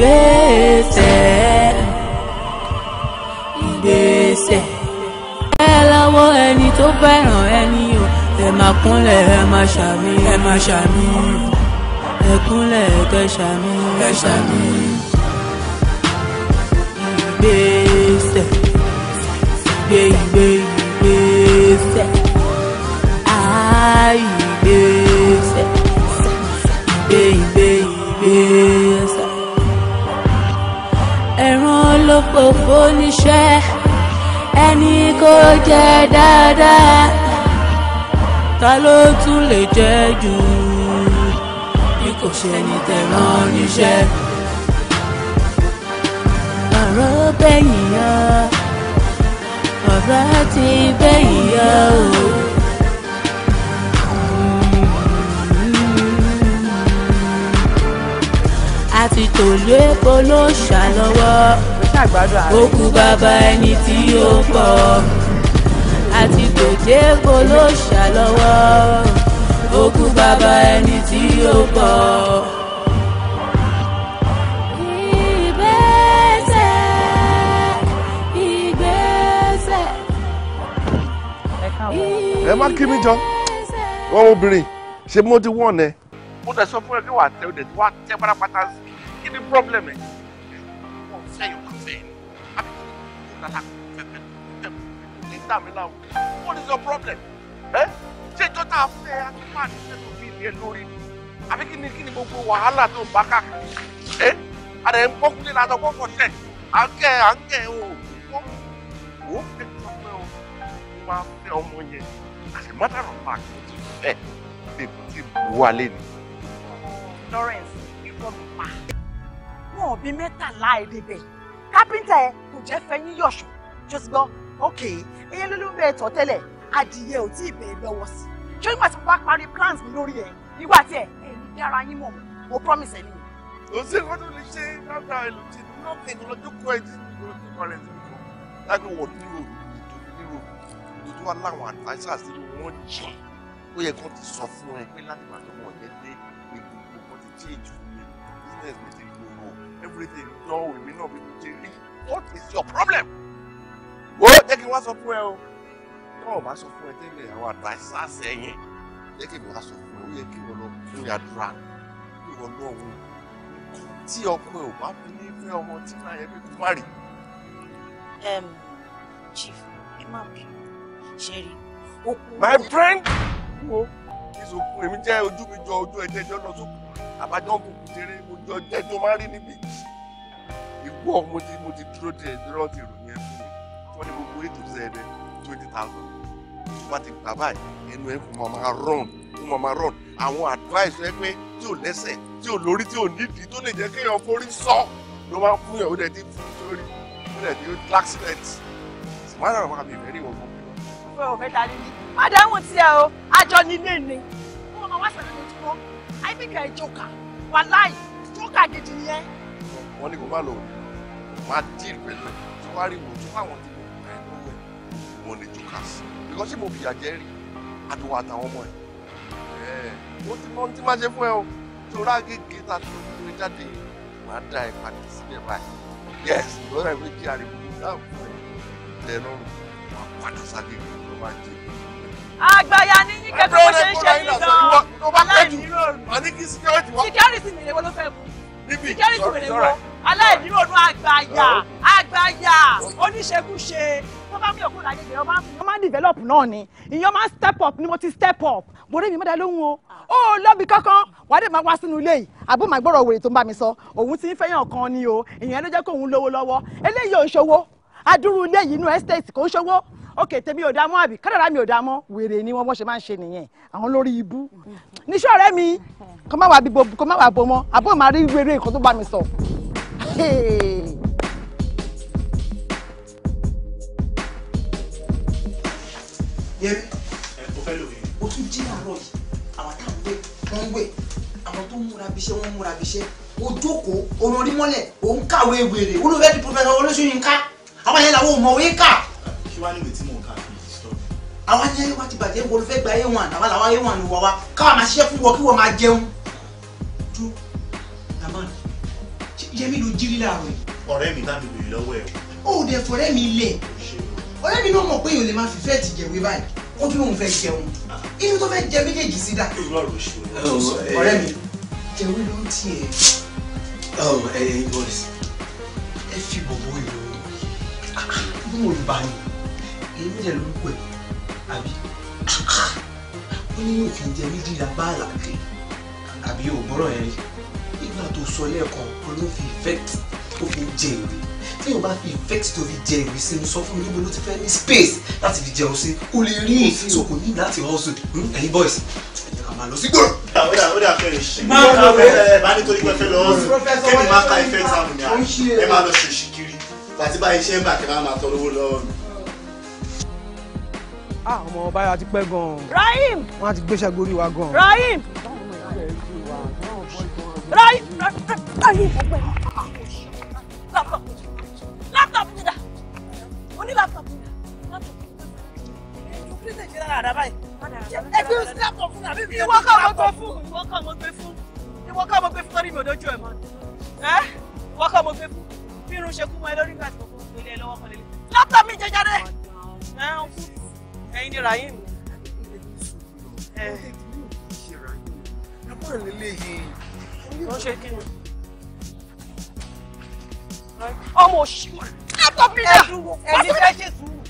ìgbésẹ̀ ìgbésẹ̀ ẹ lọ́wọ́ ẹni tó fẹ́ràn ẹni o ẹ máa kúnlẹ̀ ẹ máa ṣàmì ẹ máa ṣàmì ẹ kúnlẹ̀ kẹ́ ṣàmì ẹ ṣàmì ìgbésẹ̀ ìgbé ìgbé ìgbésẹ̀ àá ìgbésẹ̀ ìgbé ìgbé ìgbésẹ̀. òfófó níṣẹ́ ẹni kò jẹ dáadáa ta ló tún lè jẹ jù bí kò ṣe ní tẹ̀ràn níṣẹ́. ọ̀rọ̀ bẹ́yìn yọ ọ̀rọ̀ ti bẹ́yìn yọ o. àti tòlú èkó ló ṣàlọ́wọ́ ṣàgbádùn ààrẹ. òkú bàbá ẹni tí yóò pọ̀ àti tòjé kò ló ṣàlọ́wọ́ òkú bàbá ẹni tí yóò pọ̀. ẹ má kí mi jọ wọn obìnrin ṣe mo ti wọ̀n ẹ. mo tẹ̀ fún ẹ pé wà tẹ ọ dẹ̀ tí wà tẹ pátápátá sí kí ni problem ẹ. dà mí láwù what is your problem eh? ṣé ìjọ fẹ́ akínpá ní ṣètò fi ilé lórí àbí kí ni kí ni gbogbo wàhálà tó ń bá káàkiri ẹ eh? àdè ń gbọ́kúlé látọ̀ gbọ́kọ̀ tẹ̀ à ń kẹ́ à ń kẹ́ o ó fẹ́ tọ́pẹ́ o máa fẹ́ ọmọ yẹn as a matter of fact ẹ lè kó tí bu wálé ni. Lawrence irọ́ mi pa wọn ò bí mẹ́tàlá ẹ̀ débẹ̀ kápẹ́ńtà ẹ kò jẹ́ fẹ́ yín yọ̀ṣù ṣó ti gbọ́ ok eyín ló ló ń bẹ ẹ̀tọ́ tẹ́lẹ̀ adìyẹ ò tí ì bẹ̀rẹ̀ lọ́wọ́ sí i ṣé nígbà tí mo bá parí plans mi lórí ẹ̀ nígbà tí ẹ̀ ẹ̀ ní dára yín mọ̀ mo promise ẹ̀ nìyẹn. kò sí nǹkan tó lè ṣe lábẹ́ àìlò tí náà kì í lọ jókòó ẹ̀ tí ìgbòho ti kọ́ rẹ̀ sí ìgbò lágbègbè wọ̀ ní ròdù ní ròdù nítorí wà láwọn àtàṣà sí ni wọ́n jẹ ó yẹ kó ti sọ fún ẹ pé láti máa tọmọ yẹn dé ìgbòho kan ti change business mi ti gbòòrò everything dán òwe mi náà mi ti rí what is your problem? ó jẹ́ kí n wá sọ fún ẹ o náà ò bá sọ fún ẹ tẹ́lẹ̀ àwọn àdáṣà sẹ́yìn jẹ́ kí n wá sọ fún ẹ ó yẹ kí wọ́n lọ fún yàdúrà kí wọ́n tí ọkọ ẹ ò bá fi ní fẹ́ ọmọ tí náà yẹ kí n má rí. chief ẹ má bí ṣe rí my friend wo ìsòkun èmi jẹ́ ojú mi jọ ojú ẹ̀jẹ̀ jọ lọ sókun àbájọ òkùnkùn tẹ̀lé ojú ọjọ́ ẹjọ́ máa rí níbi ìwọ mo ti mo ti dúró de ẹ̀dúró ti rò yẹn wọ́n ní gbogbo ètò sẹ́ẹ̀dẹ̀ twenty thousand wọ́n ti gbà báyìí ẹnu ẹ̀ kò máa rọrùn kò máa rọrùn àwọn advice rẹ pé tí ò lẹ́sẹ̀ tí ò lórí tí ò nídìí tó lè jẹ́ kéèyàn forí sọ ló máa ń fún yàn ó dẹ̀ ti fún torí ó dẹ̀ ti ó accident ṣùgbọ́n àwọn àmì ìfẹ́ rí wọn fún mi. ìfẹ́ ò fẹ́ ta ni mí má dáhùn tí ẹ o àjọ ni ilé ni wọn máa wá sàlẹ̀ lójúmọ́ àìbíkẹ́ ìjọka wàláì ìjọka gidi ni ẹ. wọ́n ní kó má lọ òní má díìrì pẹ̀lú ẹ̀ tí wọ́n á rí wò tí wọ́n àwọn ti Lucas because mo fìyà jẹ́ rí àdùwọ̀ àtàwọn ọmọ ẹ̀ mo ti mọ ohun tí máa ṣe fún ẹ o torá gègé ta tó gbé jáde máa dá ẹ padà síbẹ̀ báyìí yes lọ́rọ̀ ìwé kí ariwo náà fún ẹ tẹ lọ́rùn máa padà sáde ló máa jẹ. àgbàyà ni yín kẹ́kọ̀ọ́ bó ṣe ń ṣe yín gan-an aláìníròrùn security mi lèwo ló fẹ́ kú security mi lèwo aláìníròrùn àgbàyà àgbàyà oníṣekúṣe tó bá kí òkú láyé ìyẹn máa ń. wọ́n máa ń develop náà ni ìyẹn máa ń step up ni mo ti step up bòrè mi mọ́dá lóhùn o ah. ó lọ́bi kankan wàá dé máa wá sínú ilé yìí àbó màá gbọ́dọ̀ wèrè tó ń bá mi sọ òun ti ń fẹ́yàn kan ni o ìyẹn ló jẹ́ kó òun lówó lọ́wọ́ eléyìí ò ń ṣòwò adúrú ilé yìí inú estate kò ń ṣòwò òkè tèmi ò dá mọ́ àbí kádàrá mi ò dá mọ́ wèrè ni wọ́n bọ́ ṣe máa ń ṣe nìyẹn àwọn lórí ibú níṣẹ́ ọ̀rẹ́ mi kó má wàá bo mọ́ àbó màá rí wèrè kan tó bá mi sọ. Hey. yẹmi o tún jí láàárọ̀ yìí àwọn tá à ń wé wọ́n ń wé àwọn tó ń múra bíṣẹ́ wọ́n ń múra bíṣẹ́ o jókòó òun rí o òun kàwé wèrè olú bẹ́ẹ̀ di pọfẹ́sọ olóṣèlú ká àwọn yẹn làwọn ò mọ̀ wé kà. kí wàá níwèé tí mò ń kà fún mi sọ. àwọn ayé wa ti bàjẹ́ wọlé fẹ́ gba a1 àwa làwọn a1 ni wọ́n wa káwa máa ṣiṣẹ́ fún wọn kí wọ́n máa jẹun. tó lamán yẹmi ló jírí láàárọ̀ yìí. ọ̀rẹ́ mi bá mi bèrè lọ́wọ́ ẹ̀. ó ọ̀rẹ́ mi náà mọ̀ pé èèyàn lè máa fi fẹ́ẹ̀ ti jẹ̀wé báyìí ó tún lóun fẹ́ jẹun inú tó fẹ́ jẹ méjèèjì sí dá. Oh, ọ̀rẹ́ mi eh. jẹ̀wé ló ń tiẹ̀. ẹyin oh, eh, boys ẹ fi bọ̀bọ̀ ìròyìn bí mo lù bá yín èyí jẹ́ lórúkọ ẹ̀ àbí ó ní òkè jẹ méjìlá bá àlàkè àbí ògbọ́rọ̀ ẹ̀ rí nígbà tó sọ lẹ́ẹ̀kan ó ló fi ìfẹ́ tó fi jẹ ìròyìn téèyàn bá fi ìfẹ́ títò fi jẹ ìwé sínú sọ fún mi níbo ló ti fẹ́ ní space láti fi jẹun sí o lè rí ìsìn so kò ní láti hustle hmm, ẹ̀yin boys ẹ̀yin kà máa lọ sí gbòòrò. ó dà ó dà fẹ́rẹ̀ ṣe máa ń lọ bẹ́ẹ̀ bá nítorí pé fẹ́ lọ hustle kẹ́ni máa ka ìfẹ́ táwọn ni à ẹ máa lọ ṣòṣì kiri àti bá iṣẹ́ bà kẹ́ máa máa tọrọ owó lọ́wọ́ mi. Ah, ọmọ ọba yà ti pẹ́ gan-an. Rahim. wọ́n á ti gbéṣẹ́ gorí wa gan-an. Rahim. Rahim. Rahim. Rahim laptop mi dà mo ní laptop mi dà laptop mi dà ẹ̀yin òfin ṣe ìṣẹ́ra rà báyìí ẹ fi ṣe laptop fún mi àbí mi ìwọ ká mo gbé fún ìwọ ká mo gbé fún ìwọ ká mo gbé fún torí mi ò dojú ẹ̀ mọ́ ẹ ọmọ òṣìwà látọ̀bílà ẹni fẹ́ ṣe sùúrù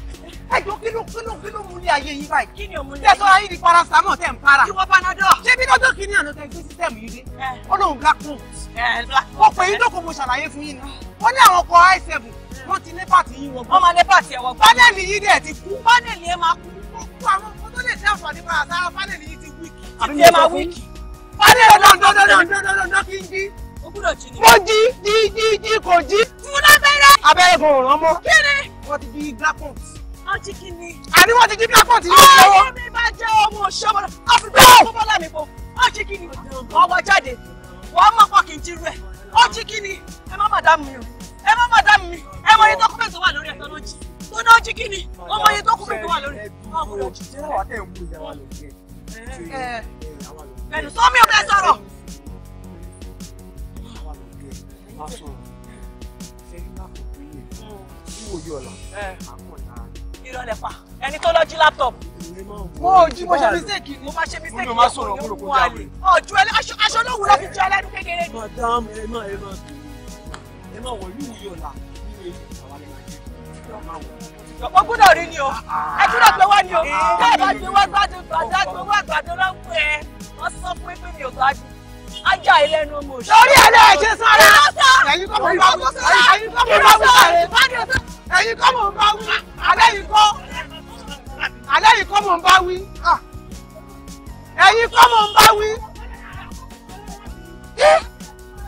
ẹjọ kínú kínú kínú mú ní ayé yìí báyìí kí ni òmù ní ayé tẹsán ayé di paracetamol tẹ n para ìwọ panadol ṣé bí lọ́jọ́ kìíní àná tẹ gbé sísẹmù yìí dé ó lóun black moon mo pè yín lóko mo ṣàlàyé fún yín ni ó ní àwọn ọkọ i seven wọ́n ti ní pàtì yín wọgbọ wọ́n máa ní pàtì ẹwọ gbọ pánẹ́ẹ̀lì yìí dẹ̀ ti kú pánẹ́ẹ̀lì ẹ máa kú gbogbo àwọn ọkọ tó lè ṣe àǹfààní para sára pánẹ́ẹ̀lì gbúdọ̀ jí ni. mo jí jí jí jí kò jí. fún lábẹ́rẹ́. abẹ́rẹ́ kan ò rán mọ́. kí ni. wọ́n ti di blackout. wọ́n ti kí ni. àní wọ́n ti di blackout yìí lọ́wọ́. ọ̀rẹ́ mi máa jẹ́ ọmọ òṣèwọ́n àfipá ọmọ lámì bò wọ́n ti kí ni. ọwọ́ jáde wọ́n mọ̀ pọ̀ kì í tirú ẹ̀ ó jí kí ni ẹ má má dá mi o ẹ má má dá mi ẹ mọ iye tó kún mi tó wà lórí ẹ̀ tó lọ́ọ́ jí tó lọ́ọ́ jí kí ni ó mọ iye tó kún mi tó wà lórí ẹ̀ tó lọ́ọ́ jí. ẹnu sọ́mi ò fẹ́ sọ̀rọ̀ lásán ṣe rí lápò tó yẹ tí mo yọ ọ̀la àpò ìlara irọ́ lẹ pa ẹni tó lọ jí laptop. mo ò jí mo ṣe mistake mo máa ṣe mistake yẹn kò ní mú àlè. ọjọ́ ẹlẹ́ aṣọ aṣọ náà wúlọ́ fi jọ ẹlẹ́nu kékeré ni. madam ẹ máa ẹ máa ẹ máa wọ ní ìwúyọ̀ la nínú èyí àwọn ẹ̀rọ ẹ̀jẹ̀ o gbọ́dọ̀ rí ni o ẹ tún lọ gbé wá ni o bẹ́ẹ̀ ah, ah. bá gbé wá gbàdúrà gbàdúrà gbé wá gbàdúrà ń pè é wọ́n sọ pé pé mi ò gbádùn ajá ìlẹ́nu ọmọ òṣèlú. lórí ẹlẹ́ẹ̀ṣẹ̀ sọ́ra ẹ̀yin kọ́ mọ̀ ń bá wúlò ẹ̀yin kọ́ mọ̀ ń bá wúlò ẹ̀yin kọ́ mọ̀ ń bá wúlò àlẹ́yìn kọ́ àlẹ́yìn kọ́ mọ̀ ń bá wí ẹ̀yin kọ́ mọ̀ ń bá wí.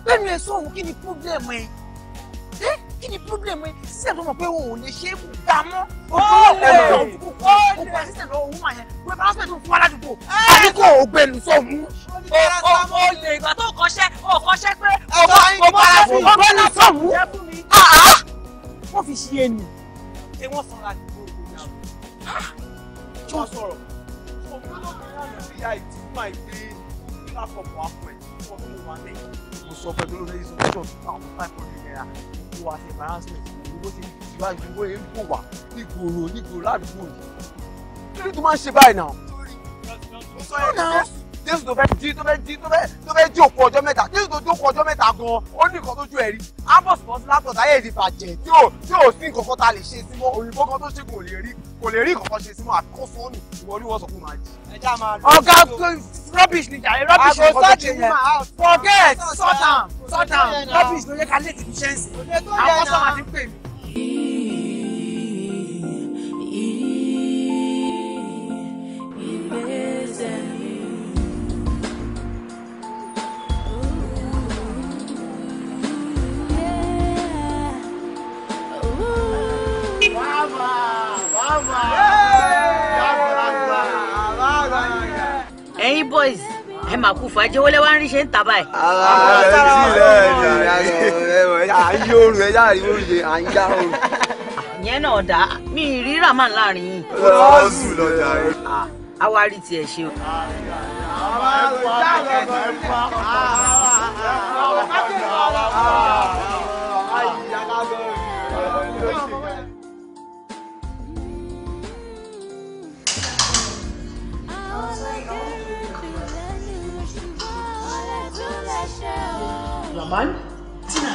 bẹ́ẹ̀ ni ẹ̀ sọ̀rọ̀ kí ni pọ́blẹ́mù ẹ̀ kí ni problem yẹn sísè tó mọ̀ pé òun ò lè ṣe é kù gbà mọ́. ó lè ó lè ó gba sísè lọ òun àyẹn pé bá sọ̀tún fún aládùúgbò àbí kò ògbẹ́nu sọ̀hún. ó ó lè ìgbà tó kọ́ṣẹ́ ó kọ́ṣẹ́ pé ọmọ ìgbàlá fún ògbẹ́nu sọ̀hún. wọ́n fi ṣe é nì. ṣé wọ́n sanra àdúgbò ògbó náà? kí wọ́n sọ̀rọ̀ ògbó ló ń rán ìyá ìtumọ̀ ìgbé ìlàkọ̀ọ̀kọ̀ àpò ẹ̀ fún ọdún wa lẹ́yìn. mo sọ fẹ́ tó ló lẹ́yìn sọ fún ọdún àwọn five hundred naira wa ṣe embarrassment ìwọ ti ìwà ìwọ èyí wà nígboro nígboro ládùúgbò yìí kí ló tó máa ń ṣe báyìí náà jésù tó fẹ́ jí tó fẹ́ jí tó fẹ́ jí òkú ọjọ́ mẹ́ta jésù tó jókòó ọjọ́ mẹ́ta gan-an ó ní nǹkan tójú ẹ̀ rí ambos mọ́sílátọ̀ táyé ti tí ò tí ò sí nǹkan kan tá a lè ṣe sí mọ́ òyìnbó kan tó ṣe kò lè rí kò lè rí nǹkan kan ṣe sí mọ́ àkóso ọ̀nì ìwọ ni wọ́n sọ fún màá jí. ọ̀gá rubbish ni jàre rubbish ni kò tó ṣe forget sort am sort am rubbish ló yẹ ká lè ti fi ṣẹ́ǹsì àwọn sọ́mà ti pè mí. boys ẹ máa kú fàájì wọlé wá ń rí ṣe ń tà báyìí. ààrẹ ti rẹ ẹ yá oorun ẹ yá àríwó oúnjẹ à ń yá oorun. ìyẹn náà dá mi ì rí ràmà láàrin yìí. ó lọ́jà rẹ. àwa rí tiẹ̀ ṣe o. àwọn ẹ̀kọ́ àti ẹ̀kọ́ ẹ̀kọ́ àwọn ẹ̀kọ́ àti ẹ̀kọ́ àwọn ẹ̀kọ́. Man? Tina!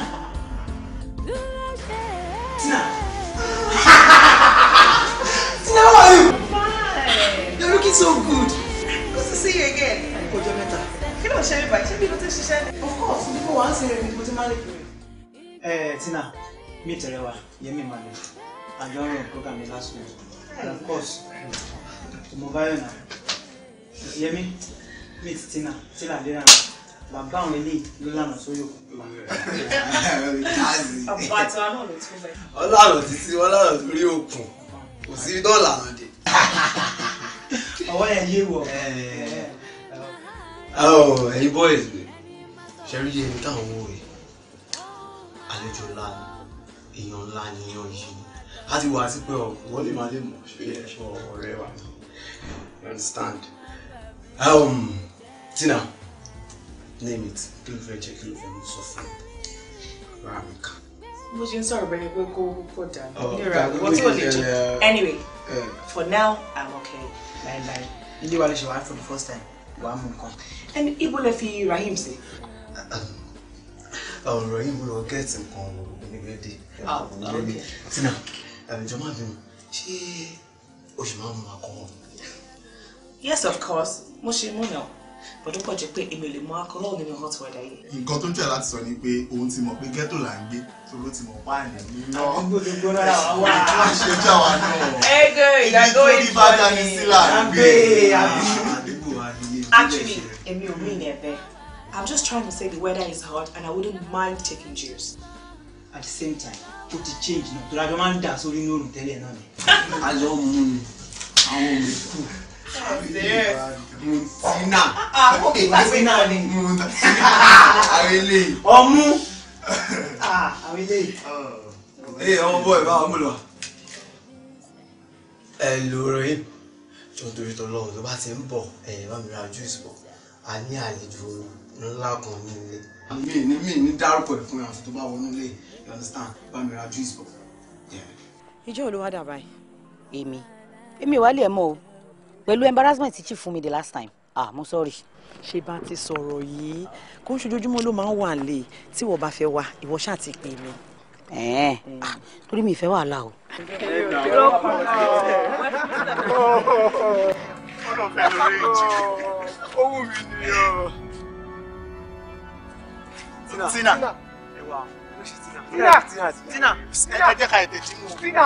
Tina! Tina, how are you? Fine. You're looking so good. Good to see you again. Ọjọ́ mẹ́ta. Kí ló ń ṣe mí báyìí? Ṣé bí mo ti ṣiṣẹ́ ni? Of course, nígbà wà á ṣe rẹ̀ ni mo ti máa lè pè é. Ẹ Tina, mi tẹ̀rẹ̀ wa, Yemi Mane, àjọ rẹ̀ program mi last week. And of course, to mo báyọ̀ náà. Yemi, meet Tina, Tina Adéyàwó bàbá àwọn eléyìí ló lànà sórí òkú. bàbá tí ọlọ́run títí wọn lọ́rọ̀ kò sí dọ́là àwọn dé. ọwọ́ ẹ yé wọ. ẹyin boys gbé ṣẹ́rí yé mi táwọn owó rẹ̀ àlejò ńlá èèyàn ńlá ni èèyàn yìí a ti wà sí pé wọ́n lè máa lè mọ̀ ṣe ọ̀rẹ́ wa you understand. Um, Tina name it kí ló fẹ́ jẹ́ kí ló fẹ́ mú sọ fún mi rà mí kan. bó ṣe ń sọ̀rọ̀ bẹ́ẹ̀ ni pé kó pọ̀ dànù nira wọ́n tí ò lè jẹ́ anyway for now i'm okay bye bye. ilé wa lè ṣe wàá for the first time wàá mú nǹkan. ẹni ibo lè fi rahim sí. ọ̀rọ̀ yìí mo lọ gẹ́ẹ̀tì nǹkan ọ̀rọ̀ níbi ẹ̀dẹ̀. tina àbíjọ má bínú ṣé o ṣì máa mú akọ wọn. yes of course mo ṣe mú náà bọ̀dún pọ̀ jẹ́ pé èmi ò lè mọ alcohol nínú hot weather yìí. nǹkan tó ń jẹ́ láti sọ ni pé òun ti mọ̀ pé ghetto là ń gbé tóró ti mọ̀ páàlì nínú àdúgbò tó gbóná làwọn wà. wọ́n ṣe jà wá náà. ẹgbẹ́ ìdájọ́ ìfọ̀nì àgbẹ̀ àdúgbò àdúgbò. actually èmi ò mean ẹ bẹ́ẹ̀ i'm just trying to say the weather is hot and i wouldn't mind taking juice. at the same time ó ti change náà torí abẹ́ máa ń dà sórí ní òrùn tẹ́lẹ̀ náà ni. a lọ mú un àwọn òmìnir mùtínà. mùtínà ni. mùtínà àwọn eléyìí. ọmú. àwọn eléyìí. Eh, ee ọmọ bọ́ọ̀ ìbá ọmú lọ. ẹ lóore jọ torí tọlọ́run tó bá ti ń bọ̀ ẹ̀yìn bá mi ra juice bọ̀ a ní àlejò ńlá kan ní ilé. mi ní mi ní dárúkọ ẹ fún yàtọ̀ tó bá wọnú ilé you understand bá mi ra juice bọ̀. ìjọ olúwa dàbà èmi èmi ò wá lè mọ o pẹ̀lú embarrassment tí chief fún mi the last time ah mo sorry. ṣé bá ti sọ̀rọ̀ yìí kó ń ṣojoojúmọ́ ló máa ń wà lè tí wọ́n bá fẹ́ wá ìwọ ṣáà ti pè mí. ẹ̀ẹ́n torí mi ìfẹ́ wàhálà o. owó mi ni ọ. tina tina tina tina ẹ jẹ́ ká ẹ̀ tẹ̀ tí mo. tina.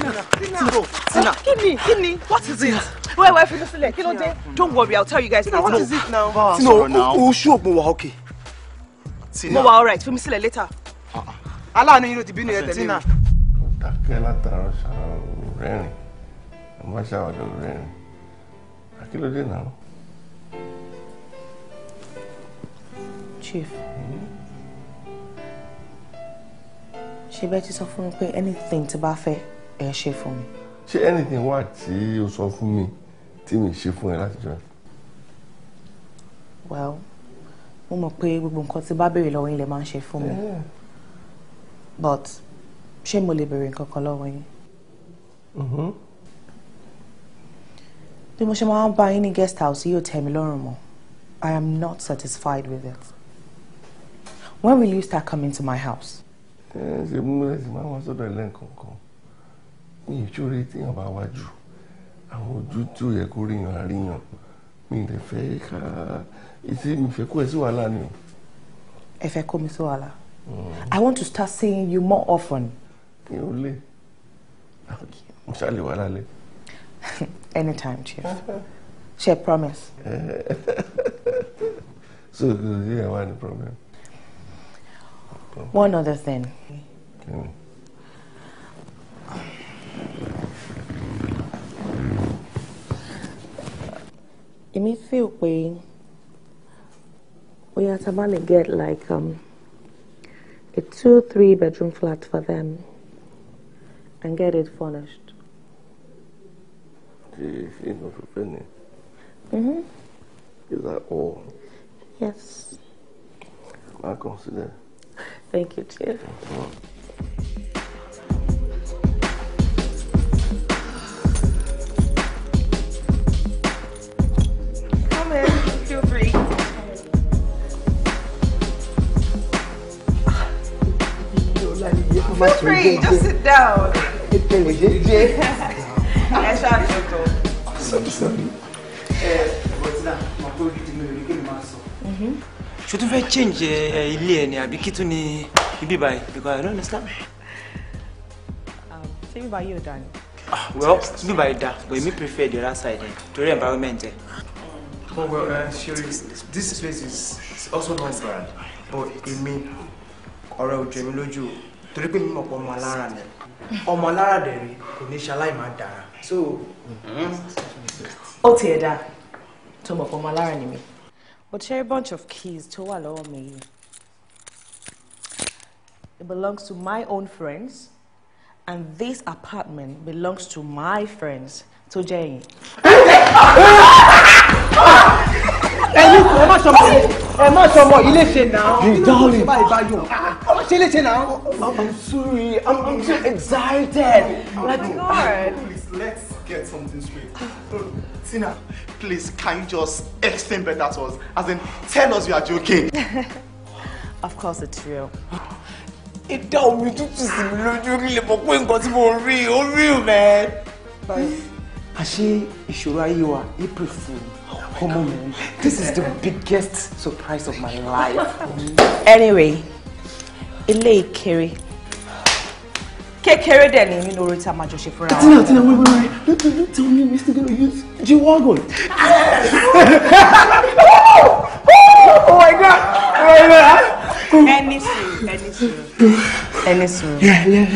Sina, Sina, Kini, Kini, what is it? Where, wait, finish it. Kí ló dé? Don't worry, I'll tell you guys. Tina, what is it now? Sina, who ṣú ògùn wa okay. Sina, mo wa alright, fún mi sílẹ̀ later. Ah, ah. Aláàánú yín ló know bínú yẹn tẹ̀lé Sina. Dákẹ́ látara ṣàrọ̀ rẹ́rìn, ẹ má ṣàwádọ̀ rẹ́rìn. Akílódé náà. Chief. she hmm? bet ti sọ fún mi anything to bá fẹ́? ẹ ṣe fún mi. ṣé anything wà tí o sọ fún mi tí mi ṣe fún ẹ láti jọ. well mo mọ̀ pé gbogbo nǹkan tí bá béèrè lọ́wọ́ yín lè máa ń ṣe fún mi eh. but ṣé mo lè béèrè nǹkan kan lọ́wọ́ yín. Mm-hmm. bí mo ṣe máa ń bá yín ní guest house yóò tẹ́ mi lọ́rùn mọ́ I am not satisfied with it. When will you start coming to my house? ṣe mú ẹsìn máa wọn sọ́dọ̀ ẹ lẹ́ǹkan kan mi ì ṣóre téèyàn bá wá jù àwọn ojú tí ó yẹ kó ríyan àríyàn mi ì lè fẹ́ ká etí mi fẹ́ kó ẹ sí wàhálà ni ẹ fẹ́ kó mi sí wàhálà. Hmm. I want to start seeing you more often. mi ò lè mo ṣàlè wà lálẹ́. anytime chief ṣe promise. so yíyan wá ní problem. one other thing. Okay. èmi feel pé bóyá tá a bá get like um, a two three bedroom flat for them and get it furnished. The fee no for penny. Mm-hmm. Is that all? Yes. I consider. Thank you, Chief. Feel free, just sit down. Ẹ ṣáà jọ̀tọ̀. Sorry, sorry. Ẹ Bọ̀dínà, màá change eh, ilé ẹ ni àbí kí tún ni Because I don't understand. Um, ibi by you, dáa ah, Well, ibi by that, but èmi prefer the other side eh, torí environment ẹ. Eh. Oh well, uh, Sherry, this place is also not bad, but èmi ọ̀rẹ́ ò Jamie, mi lójú torí pé mímọ̀ pọ̀ ọmọ alára ni ọmọ alára dẹ̀ rí kò ní ṣaláì máa dára so. ó tiẹ̀ dáa tó mọ̀ pọ̀ ọmọ alára ni mi. o cherry bunch of keys tó wà lọ́wọ́ mi yìí it belongs to my own friends and this apartment belongs to my friends tó jẹ́ yìí. ẹyin kò má sọmọ ẹ má sọmọ ilé ṣe náà. you darling ah, ọmọ ṣe ilé ṣe náà. i'm sorry i'm i'm so excited. oh ah. please let's get something straight. Tina please can you just explain better to us as in tell us you are joking. of course it's real. It don't mean sí mi You really, but when pé nǹkan tí real, rí ó rí mẹ́. àṣé ìṣòro ayé wa april fool. Oh, my God! This is the biggest surprise of my life. anyway, ilé ìkéré. Kerry. dẹ̀ ni mi lórí tá a máa jọ ṣe fúnra wa. Tina Tina wait wait wait don't don't don't tell me Mr. Gano use G-Wagon. Oh my God! Oh my God! Any soon, any soon, any soon. Yeah,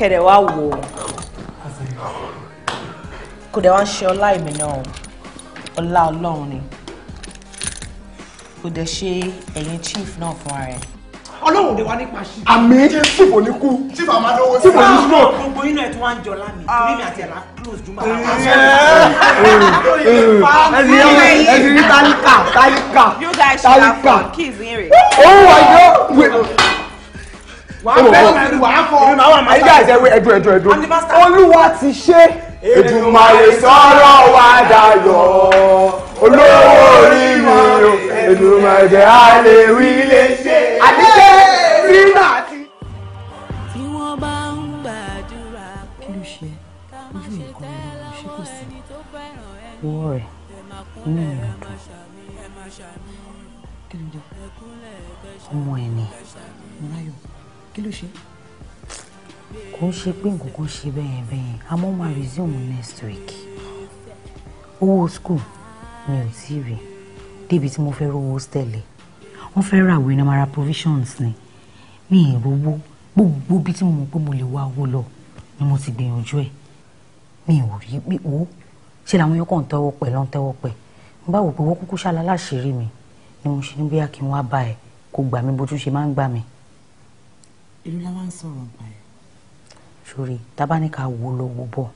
yeah, wò ó. Kò dẹ̀ wá ń ṣe ọlá ìmì náà ọlá ọlọ́run ni kò dẹ̀ ṣe ẹ̀yin chief náà fún ara ẹ̀. ọlọ́run ni wá nípa ṣí. àmì chief ò ní kú chief àmàdówó chief ò ní kú. Ah, gbogbo inú ẹ̀ tí wọ́n á jọ lámì torí mi ah. àti ẹ̀ láti close jùmọ̀ àwọn ọ̀ṣẹ́. ẹ ti rí tálíkà tálíkà tálíkà. oh my god wait. wàá fẹ́ràn wàá fọ. ẹ̀dùn ẹ̀dùn ẹ̀dùn olúwa ti ṣe. Èdùmàrè sọ̀rọ̀ wa dayọ̀ olówó orí mi o Èdùmàrè jẹ́ alẹ́ wí lè ṣe àdílé rírà tí. tí wọ́n bá ń gbàdúrà kí ló ṣe ojú nǹkan ẹ̀rọ ṣé kò sí wọ́ rẹ̀ ní ìrìnàjò kí ló dé ọmọ ẹ̀ ní ọláyọ̀ kí ló ṣe kò ń ṣe pé nǹkan kan ṣe bẹ́ẹ̀ bẹ́ẹ̀ àmọ́ máa resume next week owó school mi ò tí ì rí débi tí mo fẹ́ rówó hostel wọ́n fẹ́ ra àwìn amara provisions ni mi ì rówó gbogbo bí tí mo mọ̀ pé mo lè wá owó lọ ni mo ti gbìyànjú ẹ̀ mi ò rí pé wo ṣe làwọn yòókù ń tẹ́wọ́ pẹ̀ ló ń tẹ́wọ́ pẹ̀ n bá wò pé wọ́n kúkú ṣàlálà ṣeré mi ni mo ṣe ní bóyá kí n wá bá ẹ kó gbà mí bójú ṣe máa ń gbà mí. èmi la máa ń sọ̀rọ̀ báyìí sórí tábánikà wo lọ wo bọ̀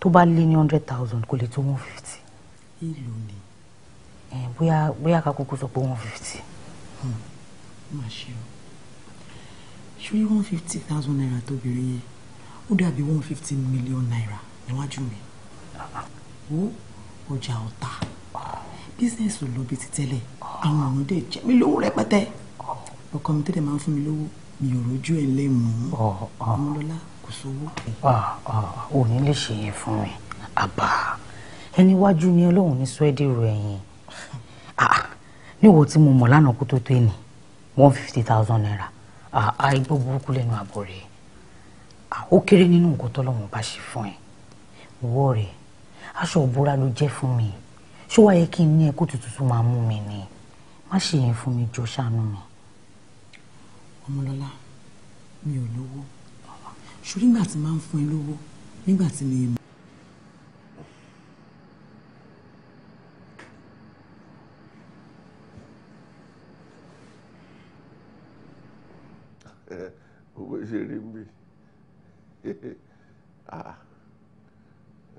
tó bá lé ní hundred thousand kò lè tó one fifty. ìlú ni. ẹ bóyá bóyá kakoko sọ pé one fifty. Hmm, má ṣe o ṣóyí one fifty thousand naira tó bèrè yẹn ó dàbí one fifty million naira níwájú mi. wo ọjà ọ̀tá bísíǹsì ò lọ bí ti tẹ́lẹ̀ àwọn ọ̀ràn dẹ̀ jẹ́ mi lówó rẹpẹtẹ ọkọ mi tẹ́lẹ̀ máa ń fún mi lówó mi ò rójú ẹ̀ lẹ́mọ̀ọ́ ọmọlọ́lá kò sówó. ò ní lè ṣe yẹn fún mi àbá ẹni wájú ni ọlọ́run ní sọ́ẹ́dì rẹ̀ yẹn níwò tí mo mọ̀ lánàá kó tó tó ẹni one fifty thousand naira àìgbó burúkú lẹ́nu àbọ̀ rẹ̀ ó kéré nínú nǹkan tọ́lọ́run bá ṣe fún ẹ wọ́ rẹ̀ aṣọ òbúra ló jẹ́ fún mi ṣó wá yẹ kí n ní ẹ kó tún máa mú mi ni má ṣe yẹn fún mi jọ ṣàánú mi. ọmọlọ́lá mi ò lówó ṣùgbọ́n nígbà tí máa ń fún ẹ lówó nígbà tí mi mọ̀. owó ṣe rí mi ah.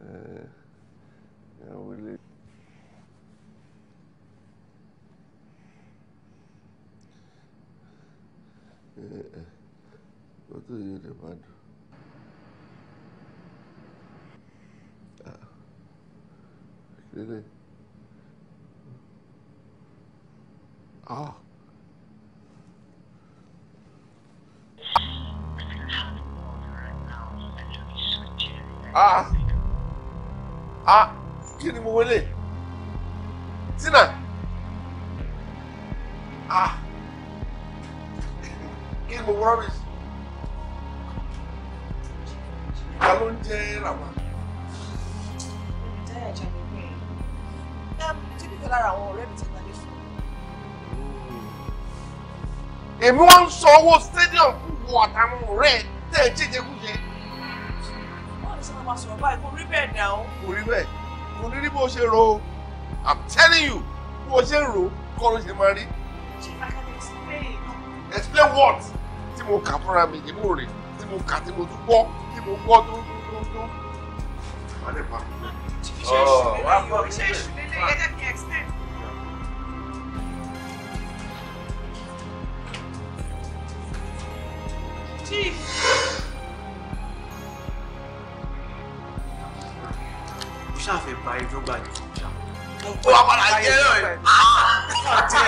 ìyàwó lè. What do you demand? gbọ́ tí mo gbọ́ tó tó tó. wọ́n lè pa. wà á ẹjọ́ gbà ní ìjà. Mo kó apara jẹ́ rẹ̀. Ọ̀tọ̀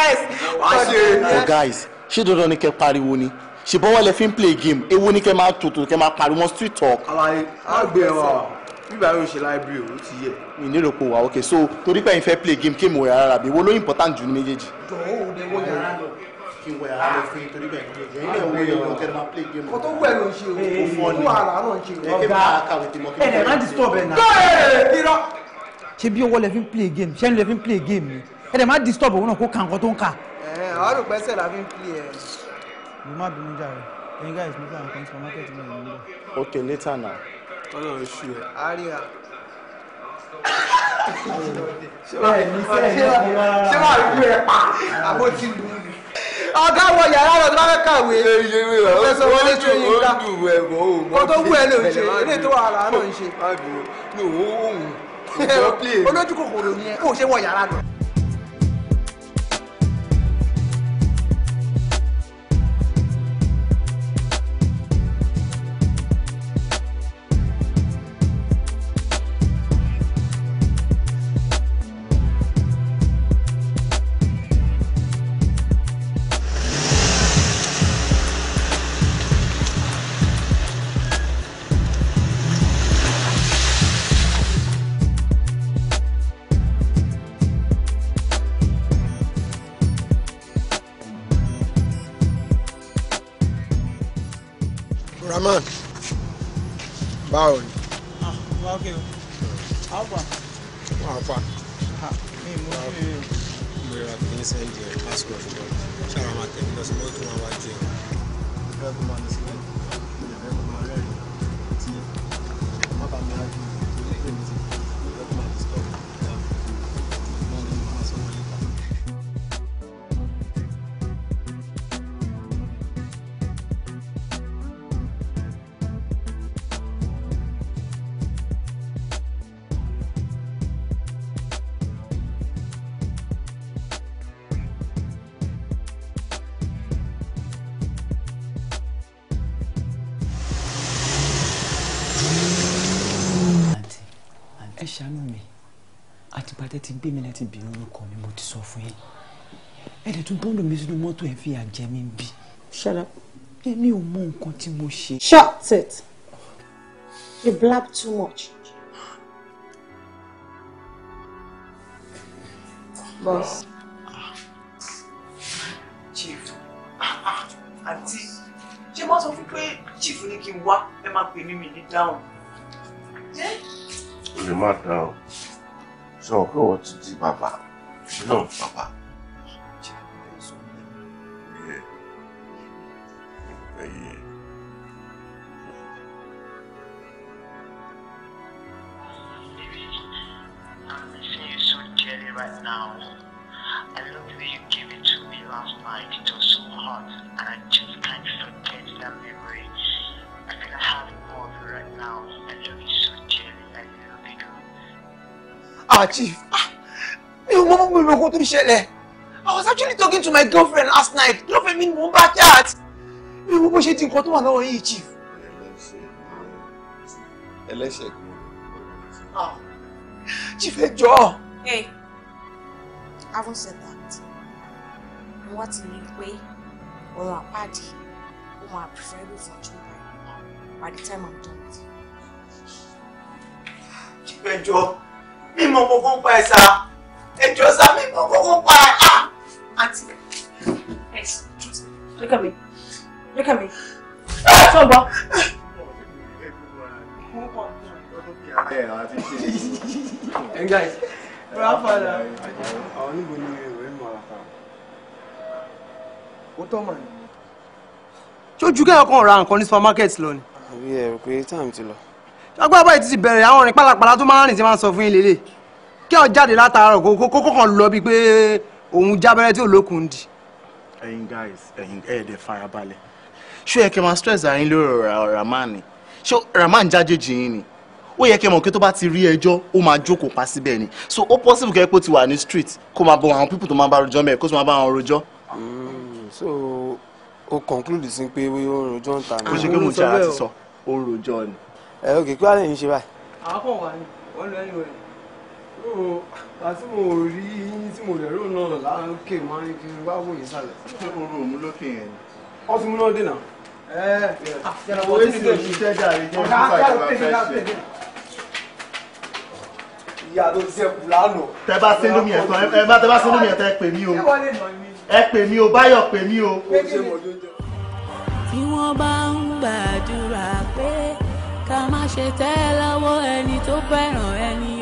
ẹ̀. Ọ̀gá ẹ̀ ṣé dandan ni kẹ́ pariwo ni? ṣùgbọ́n lẹ fi ń play game ewu ni kẹ́ máa tutù kẹ́ máa pariwo street talk. àlàyé àgbẹ̀ wa bíbá yóò ṣe library òun ti yẹ. mi nílò pò wá ok so torí pé ẹ̀yin fẹ́ play game kí mo yàrá rà bí wo ló important jù ní méjèèjì. jọ̀wọ́ ò ní wọ́n yàrá lọ kí n wọ yàrá lọ fún yín torí pé ẹ̀yin lè wọ yàrá lọ kẹ́ni máa play game. kò tó wẹ̀ ló ń ṣe o kò fún ara náà ń ṣe o. ẹ̀kẹ́ máa kàwé tí mo kí n bá yàrá disturb ẹ̀ náà. ṣé bí owó lẹ fi ń play game ṣé lẹ fi ń play game ni ẹ̀ dẹ̀ má disturb òun náà kó kà nǹkan tó ń kà. ẹ̀ àwọn àrùn pẹ́sẹ̀ la fi ń play ẹ̀ mo má bínú jàre ẹ̀yin guys mo fẹ́ àwọn kan supermarket mi ò ní lọ. okay later now. ọlọ́run ṣe é àríyá. ṣé wàá rí bí ẹ pa àbó tí lu ọgá wọ yàrá lọ lọ́wọ́ kàwé fẹsọ̀ wọlé tó yin ká kó tó wú ẹ ló ń ṣe ilé tó wà láàánú ń ṣe. olójú kòkòrò ni ẹ kó o ṣe wọ yàrá lọ. fún yín ẹ tún bọ́ọ̀lù mi sínú mọ́tò ẹ fi àjẹ mi bí. shut up. èmi ò mọ nǹkan tí mo ṣe. shut it you blab too much. boss. chief àǹtí ṣé wọ́n sọ fún pé chief ní kí n wá ẹ máa pè mí mi ní dáhùn. o lè má dáhùn sọ pé wọ́n ti di bàbá. けど、ṣẹlẹ̀ I was actually talking to my girlfriend last night Girlfriend ló fẹ́ mi ni mò ń bá chat mi wo bó ṣe di nǹkan tó wà lọ́wọ́ yìí chief. ẹlẹ́ṣẹ̀ kan. Ah. chief ẹ jọ. hey having said that mo wá ti rí i pé ọ̀rọ̀ àpáàdì ó máa preferable for junior by the time i'm done with you. chief ẹ jọ mímọ gbogbo ń pa ẹ sáà ìjọ sami mo kókó pa á. Ah! àǹtí look at me look at me tó ń bọ̀. Hey guys, brother. Àwọn oníbo ni ìwé mọ̀ Rafaela. Ó tọ́ mà ní. Ṣojú kẹ́yọ̀ kan ra nǹkan ní supermarket lọ ni. Àbí ẹ̀rù pé táàmù ti lọ. Ṣọgbọ́n àbáyé ti ti to àwọn ìrìn pálapàla tó máa ń rìn tí máa ń kí ọ jáde látara kókó kan lọ bíi pé òun jábẹ́rẹ́ tí olókùn ń di. ẹ̀yin guys ẹ̀yin ẹ̀ẹ́dẹ̀ farabalẹ̀ ṣó yẹ kí n máa stress àárín lórí Rahman ni ṣó Rahman jájèjì yín ni ó yẹ kí ẹ mọ̀ pé tó bá ti rí ẹjọ́ ó máa jókòó pa síbẹ̀ ni so ó possible kẹ́ pé ó ti wà ní street kó máa bọ àwọn pípù tó máa bá rojọ́ mẹ́ẹ̀ kó tó máa bá àwọn rojọ́. Hmm, so o conclude sí pé ó ń rojọ́ ń ta ni. kò ṣe pé mo jàrá ti sọ ó ń rojọ́ ni. ẹ eh, ok kí wàá lè ní ṣe báyìí. àwọn kan wà ní wọn lọ ẹyìn rẹ àti mo rí yín tí mo dẹ̀rù náà láàkè máa ń kiri wá wò yín sálẹ̀. ṣé mo rò mú lókè yẹn ni. wọ́n ti mú náà dènà. ẹ ẹ òwe sì lè ṣiṣẹ́ jàre jẹ́ nípa ìjọba fẹ́ ṣe. ìyá tó ti ṣẹ́kù lánàá. tẹ bá sínú mi ẹ̀ tán ẹ má tẹ bá sínú mi ẹ̀ tán ẹ pè mí o ẹ pè mí o báyọ̀ pè mí o. tí wọ́n bá ń gbàdúrà pé ká má ṣe tẹ́ lọ́wọ́ ẹni tó fẹ́ràn ẹni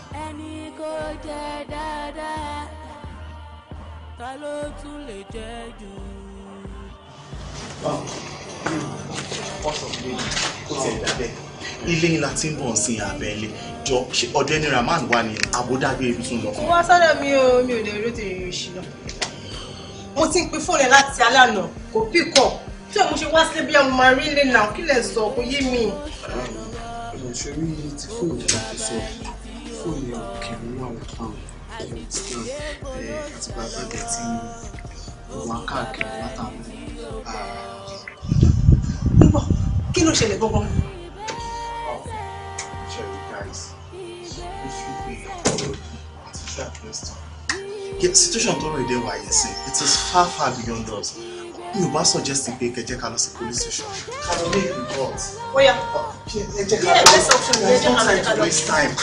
ta ló tún lè jẹ́ jù. ilé ńlá tí ń bọ̀ sí abẹ́lé jọ ọdún ẹni rahman wà ní abúdágbé ibi tún lọ. wá sọ́dọ̀ mi ò mi ò lè rí tèrè òṣì lọ. mo ti ń pín fóònù láti alánà kò píkọ̀ tí òun ṣe wá sílé bí ọmọ máa rí lè nà kí lè sọ kò yé mi. ìṣòro yìí ti fóònù láti sọ fóònù ọ̀kẹ́rin wà láwọn bàbá bẹ́ẹ̀ kí ló ṣẹlẹ̀ gbọ́ngàn. Yeah, situation tọrọ èdè wa yẹn sẹ it is far far beyond us mi ò bá suggest pé kẹ́ jẹ́ ká lọ sí police station ká lọ make report. ó yà ẹ jẹ́ ká lọ ẹ jẹ́ ká lọ ẹ jẹ́ ká lọ waste time.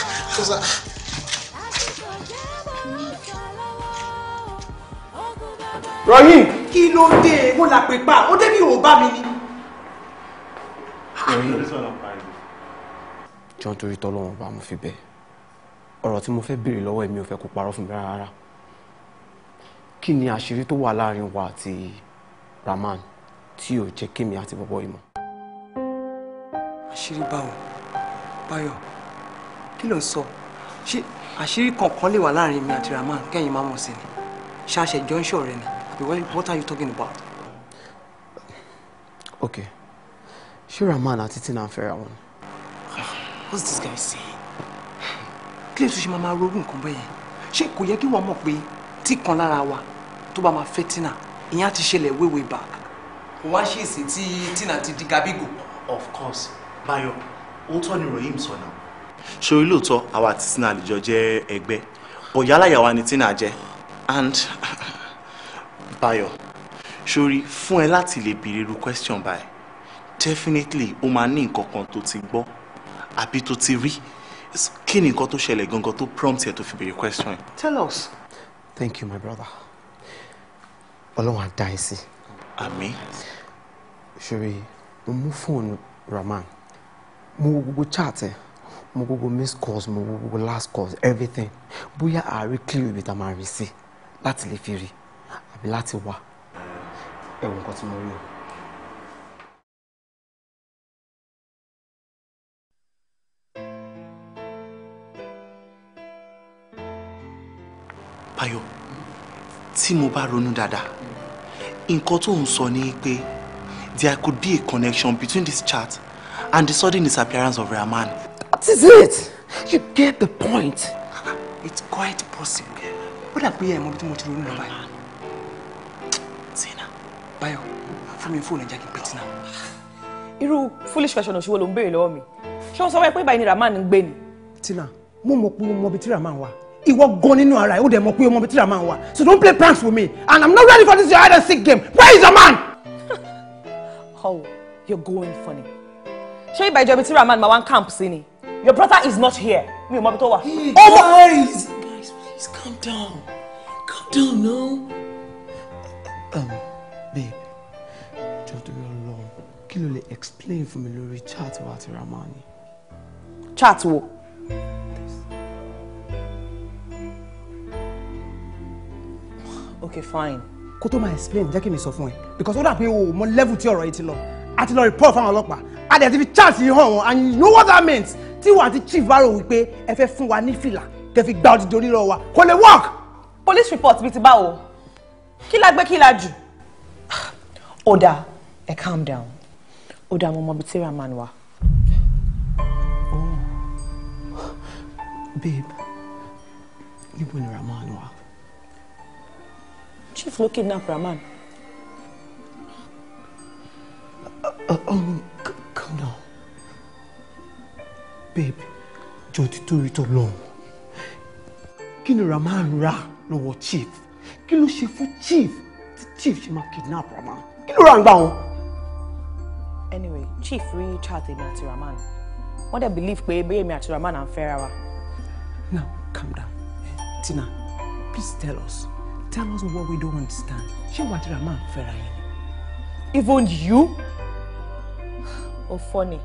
Rohim. kí ló dé mo là pé pa ó débi ò bá mi ni. Rohim jọ nítorí tọ́lọ́wọ́n bá mo fi bẹ́ẹ̀ ọ̀rọ̀ tí mo fẹ́ béèrè lọ́wọ́ èmi ò fẹ́ kó parọ́ fún mi rárá kí ni àṣírí tó wà láàrin wa àti Rahman tí ò jẹ́ kémi àti bọ́bọ́ ìmọ̀. àṣírí báwo báyọ̀ kí ló ń sọ ṣé àṣírí kankan lè wà láàrin mi àti Rahman kẹ́yìn máa mọ̀ sí ni ṣáṣẹjọ́ ń ṣọ̀rẹ́ ni. What are you talking about? Okay. Sure, a man at it in a fair one. What's this guy saying? Kílẹ̀ tó ṣe máa máa ro irú nǹkan bẹ́yẹn. Ṣé kò yẹ kí wọ́n mọ̀ pé tí kan lára wa tó bá máa fẹ́ Tina ìyẹn á ti ṣẹlẹ̀ Tina ti di Of course, Bayo, òótọ́ ni Rahim sọ náà. Ṣé orí lóòótọ́ àwa àti Tina lè jọ jẹ́ ẹgbẹ́? Bọ̀yá aláyàwá and Báyọ̀ sórí fún ẹ láti lè béèrè irú question báyìí definitely o máa ní nǹkan kan tó ti gbọ́ àbí tó ti rí kí ni nǹkan tó gangan tó prompt ẹ tó fi béèrè question tell us. thank you my brother ọlọ́run á dá ẹ sí. àmín. sori mo Mu fóònù Rahman mo wo gbogbo chat e. mo gbogbo miss calls mo wo gbogbo last calls everything bóyá àárí clear ibi tá a máa rí sí láti lè fi rí i láti wá ẹ̀wọ̀n kan tí mo rí o. Báyọ̀ tí mo bá ronú dáadáa nǹkan tó ń sọ ni pé there could be a connection between this chat and the sudden disappearance of Rahman. What is it. You get the point. It's quite possible. ó dà pé ẹ̀ mọ̀ bí mo ti ronú lọ Báyọ̀ fún mi fóònù ẹ̀ kí n pè tí náà. irú foolish question òṣìwò ló ń béèrè lọ́wọ́ mi ṣé wọ́n sọ wáyé pé báyìí ni Rahman ń gbé ni. Tina mo mọ̀ pé o mọ ibi tí Rahman wà ìwọ gan nínú ara ẹ ó dẹ̀ mọ̀ pé o mọ ibi tí Rahman wà so don't play pranks with me and I'm not ready for this your hide and seek game where is your man. oh you're going funny ṣé ìbá ìjọba tí Rahman máa wá ń camp sí ni your brother is not here mi ò mọ ibi tó wà. Oh, guys guys please calm down calm down now. Um, jọ̀dọ̀rọ̀ ọlọ́run kí ló lè explain fún mi lórí chat wa àti Ramani. chat wo. okay fine. kó tó máa explain jẹ́ kí mi sọ fún ẹ because ó dà pé o ò mọ level tí ọ̀rọ̀ yìí ti lọ a ti lọ report fáwọn ọlọ́pàá a dẹ̀ ti fi chat yìí hàn wọ́n and you know what that means tí wọ́n àti chief bá rò wípé ẹ fẹ́ fún wa ní fìlà tẹ́ fi gba òdìdí onírọ̀ wa kò lè work. police report bíi ti báwo kí la gbé kí la jù. ọ̀dà ẹ calm down Oda dá mo mọ ibi tí oh, babe You ni raman chief look kidnap raman. Uh, uh, um, calm down babe jọ do tó lọ kí ni raman ra no lọ́wọ́ chief kí ló chief The chief she máa kidnap raman kí ló ra anyway chief rí chat èmi àti rahman wọ́n dẹ̀ believe pé bẹ́ẹ̀ èmi àti rahman à ń fẹ́ra wa. now calm down tina please tell us tell us what we don't understand ṣé wàá ti rahman fẹ́ra yẹn. even you. ó fọ́ ni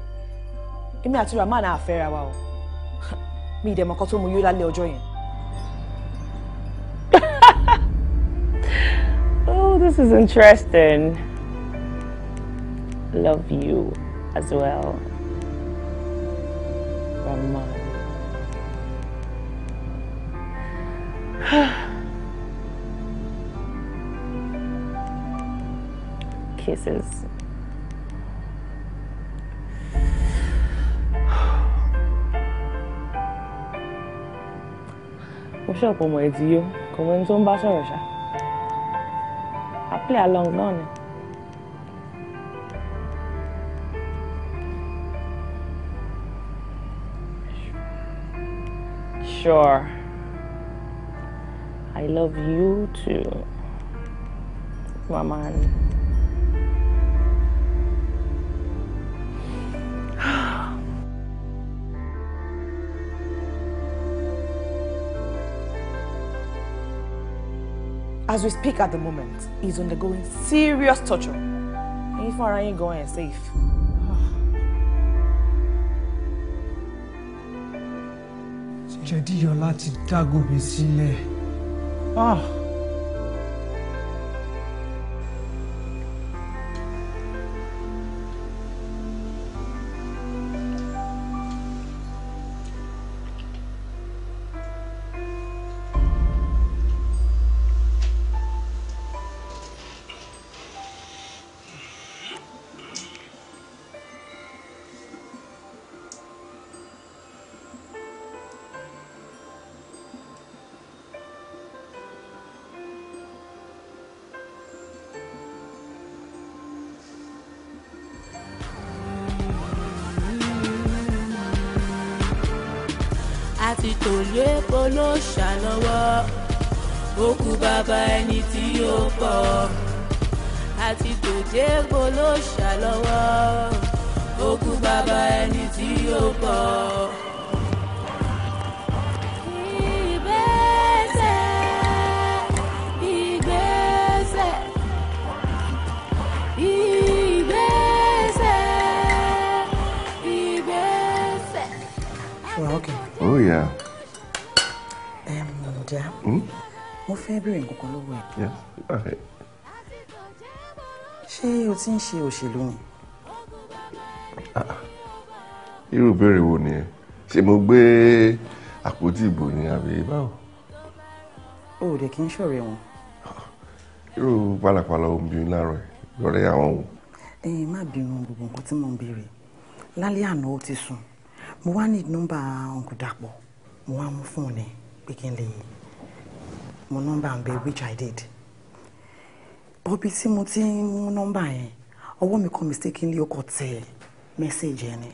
èmi àti rahman à fẹ́ra wa o mi ì dẹ̀ tó mu yó lálẹ́ ọjọ́ yẹn. oh this is interesting love you as well. Rahman. Kisses. mo ṣọ̀pọ̀ mọ̀ ẹ̀ tí yó kò mọ ẹni tó ń bá sọ̀rọ̀ ṣá. I play along náà ni. sure I love you too, my man. As we speak at the moment, he's undergoing serious torture. If I ain't going safe. Jẹ̀díyọlá ti dá Gòbè sílẹ̀. Ah. ṣégbó ló ṣàlọ́wọ́ òkú bàbá ẹni tí ó bọ̀. ìgbésẹ̀ ìgbésẹ̀ okay. Oh yeah. Um, Dad, hmm? mo fẹ́ bèrè nǹkan kan all right ló ti ń ṣe òṣèlú yẹn. Ah, irú ìbéèrè wo nìyẹn ṣé mo gbé àpótí ìbò ni àbí báwo. o ò dẹ̀ kí n ṣọ̀rẹ́ wọn. irú pálapàla ohun bíi láàárọ̀ lọ́rẹ́ àwọn òun. ẹyin má bínú gbogbo nǹkan tí mò ń béèrè lálẹ́ àná ó ti sùn mo wá ní nọ́mbà ọ̀gùn dàpọ̀ mo wá mú fóònù ẹ̀ pé kí n lè mọ nọ́mbà ń bẹ which I did bọ́bí tí mo ti ń mú nọ́mbà yẹn ọwọ́ mi kan mistakenly ó kọ tẹ mẹ́sẹ̀gì ẹni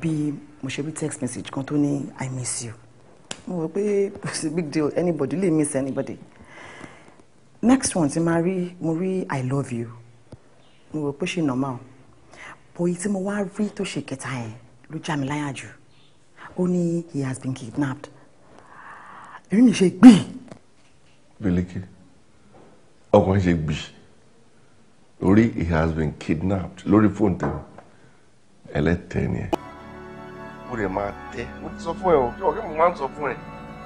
bí mo ṣe rí text message kan tó ní i miss you mo rò pé kò sí big deal anybody lè miss anybody next one ti máa rí mo rí i love you mo rò pé ṣe normal bóyí tí mo wá rí tó ṣe kẹta yẹn ló já mi láyà jù ó ní he has been kidnapped èmi mi ṣe gbìn. Biliki. Really? ọkùnrin ṣe gbì lórí he has been kidnapped lórí fóònù tèmi ẹlẹ́tẹ̀ ni ẹ. ó lè máa tẹ mo ti sọ fún ẹ o kí ọkẹ́ mi máa ń sọ fún ẹ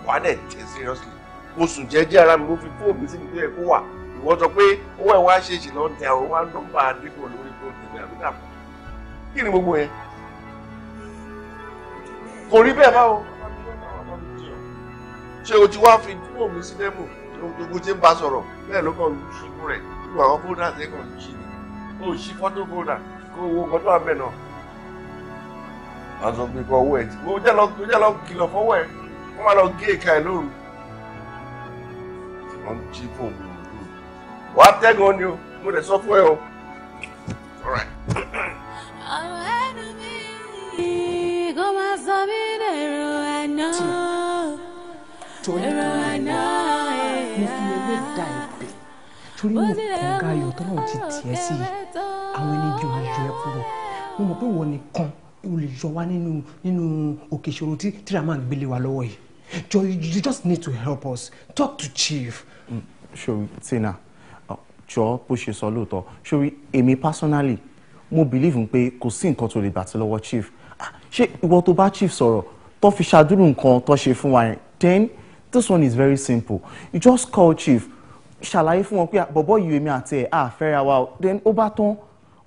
wà á dẹ̀ tẹ seriously mo sùn jẹ́jẹ́ ara mi mo fi fóònù mi síbi tó yẹ kó wà ìwọ sọ pé owó ẹ wá ṣe ìṣìnà ọ̀dẹ àwọn wá nọ́mbà àdínkù lórí fóònù tèmi àbí dàpọ̀ kí ni gbogbo yẹn kò rí bẹ́ẹ̀ báwo ṣé o ti wá fi fóònù mi sí dẹ́mù gbogbo tí ń bá sọ̀rọ̀ bẹ́ẹ̀ ló kàn ń ṣubú rẹ̀ nínú àwọn fódà tí kàn ń ṣí ni ó ṣí fọ́tò fódà kó owó nǹkan tó wà bẹ́ẹ̀ náà. wọ́n sọ owó ẹ̀ tí mo jẹ́ lọ mo jẹ́ lọ kìlọ̀ fọ́wọ́ ẹ̀ wọ́n máa lọ gé ìka ẹ̀ lóru. wọ́n jí fóun mi lóru. wà á tẹ́gàn ni o mo lè sọ fún ẹ o. àwọn ẹnu mi kò máa sọ mí lẹ́rù ẹ̀ náà you just need to help us talk to chief. Mm, sori tina uh, jọ bó ṣe sọ lóòótọ́ sori èmi personally mo believe pé kò sí nǹkan tó lè gbà tí lọ́wọ́ chief ah, ṣé ìwọ tó bá chief sọ̀rọ̀ tó fi ṣàdúró nǹkan tó ṣe fún wa yẹn then this one is very simple you just call chief ṣàlàyé fún wọn pé ah, bọ̀bọ̀ yìí èmi àti ẹ̀ á fẹ́ra wa then ó bá tán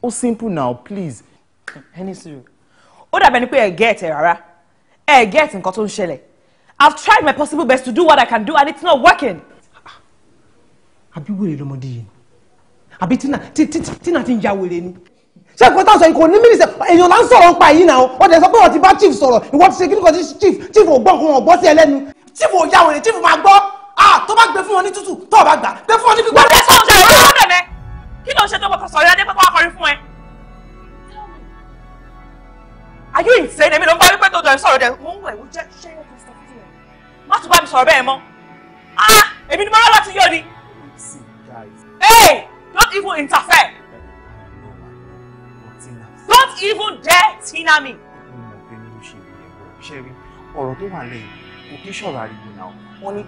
ó simple now please. ẹni sùúrù ó dàbẹ̀ ni pé ẹ̀ gẹ́ ẹ̀tẹ̀ rárá ẹ̀ gẹ́ ẹ̀tẹ̀ nǹkan tó ń ṣẹlẹ̀ I've tried my possible best to do what I can do and it's not working. àbí wèrè lọmọdé yìí àbí tina ti ń ya wèrè ni ṣé nǹkan tá a sọ yìí kò ní mínísẹ̀ èèyàn là ń sọ̀rọ̀ ń pa yìí náà ó sọ pé wọ́n ti bá chief sọ̀rọ̀ ìwọ́n ti ṣe kí ni kò sí chief chief ò gbọ́ nǹkan wọn ò sí ẹlẹ́nu tíìfù ò yá wèrè tíìfù máa gbọ́ tó bá gbé fún wọn ní tútù tó o bá gbà gbé fún wọn ní gbígbó. wọ́n fẹ́ sọ̀rọ̀ ṣe ìwé ọ̀dẹ̀ mẹ́ kí ló ń ṣe tó gbọ́kọ̀ sọ̀rọ̀ adé pé kó wá kọrin fún ẹ. are you insane èmi ló ń bá wípé tó dọ̀ sọ̀rọ̀ dẹ̀ mo ń wẹ̀ wú jẹ́ ṣé yóò fi sọ fún ẹ. má tún bá mi sọ̀rọ̀ bẹ́ẹ̀ mọ́ ah èmi ni mo rán láti yọ ni. hey don't even interfere don't even dare tina me. ọ̀rọ̀ tó wà lẹ́yìn kò kí sọ̀rọ̀ ariwo náà wọ́n ní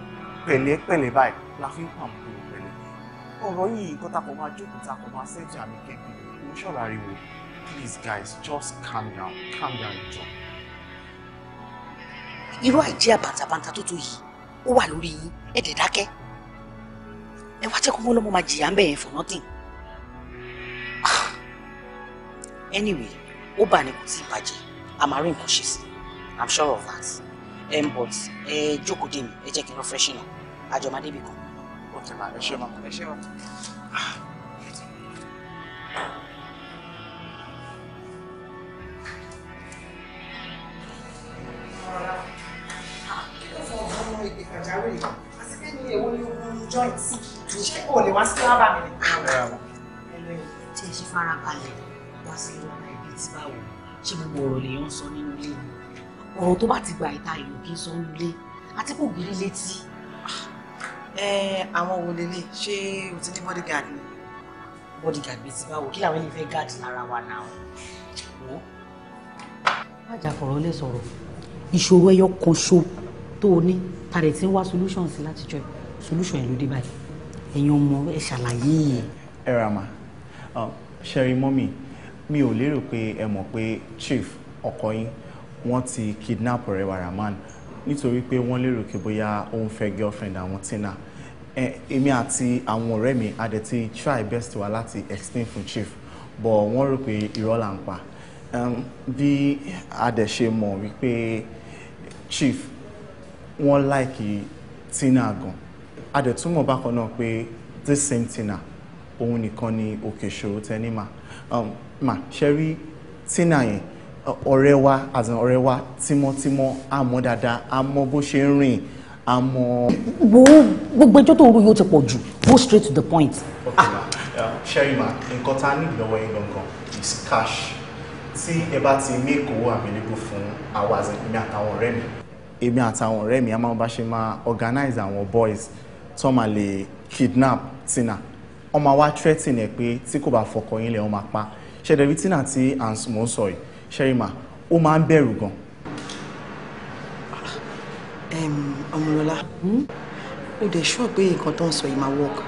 pẹ̀lẹ́pẹ̀lẹ́ báyìí la fi ń pa àwọn kòrò pẹ̀lẹ́ ọ̀rọ̀ yìí nǹkan tá a kò máa jókòó tá a kò máa ṣẹ́jà mi kẹ́kẹ́ kò sọ̀rọ̀ ariwo please guys just calm down calm down jọ. irú àìjẹ́ àbàǹtàbàǹtà tó tó yìí ó wà lórí yín ẹ̀dẹ̀ dákẹ́ ẹ wá tẹ́kùn fún lọ́mọ máa jìyà ń bẹ̀ yẹn for nothing. anyway ó bà ní kò tí ì bàjẹ́ a máa nǹkan ṣe sí i'm sure of that ẹ ń bọ̀ ẹ jókòó dé mi ẹ jẹ́ kí n lọ fẹ́ ṣìnà àjọmọ́ débi kan. ó ti máa ẹ ṣe máa ẹ ṣe máa. ṣé kò lè wá sí lábà mi. tí ẹ ṣe fara balẹ̀ wá sí lọ́wọ́ ẹbí tí báwo ṣé gbogbo ọ̀rọ̀ lèèyàn sọ nínú ilé yìí ọ̀rọ̀ tó bá ti gba ìta ìlú kí n sọ nílé àti kò gírí létí. Ah, àwọn wo lélẹ̀ ṣé o ti ní bodyguard ni. bodyguard bíi ti báwo kí làwọn ènìyàn fẹ́ gáàdì lára wa náà wò. má jà fọ̀rọ̀ lè sọ̀rọ̀ ìṣòro ẹyọ kan ṣo tó o ní tàdé tí ń wá solution sí láti jọ solution ẹ̀ ló dé báyìí ẹ̀yin ọmọ ẹ̀ ṣàlàyé. ẹ ra ma ṣe rí mọ́mì mi ò lérò pé ẹ mọ̀ pé chief ọkọ yín wọ́n ti kidnap ọ̀rẹ́ wa Rahman nítorí pé wọ́n lérò pé bóyá ó ń fẹ́ girlfriend àwọn Tina èmi àti àwọn ọ̀rẹ́ mi a ti try best wa láti explain fún chief but wọ́n rò pé irọ́ là ń pa bí a dẹ̀ ṣe mọ̀ wípé chief wọ́n láìkì Tina gan a dẹ̀ tún mọ̀ bákan náà pé this same Tina òun nìkan ni òkè ìṣòro tẹ́ ní mà ṣe rí Tina yẹn ọ̀rẹ́ wa as an ọ̀rẹ́ wa tímọ́tímọ́ a mọ̀ dáadáa a mọ̀ bó ṣe ń rìn a mọ̀. gbogbo ẹjọ́ tó ń rú yóò ti pọ̀ jù go straight to the point. sherry ma nǹkan tá a ní lọ́wọ́ yín gangan is cash tí ẹ bá ti make owó available fún àwa èmi àtàwọn ọ̀rẹ́ mi. èmi àtàwọn ọ̀rẹ́ mi a máa bá ṣe máa organize àwọn boys tó máa lè kidnap Tina ọmọ wa threatening ẹ pé tí kò bá fọkọ yín lẹ ọmọ apá ṣẹdẹbi Tina tí à ń sọ yìí ṣẹ́rìmà ó máa ń bẹ̀rù gan. ọmọlọlá ó hmm? dẹ̀ ṣọ́ pé nǹkan tó ń sọ yìí máa work.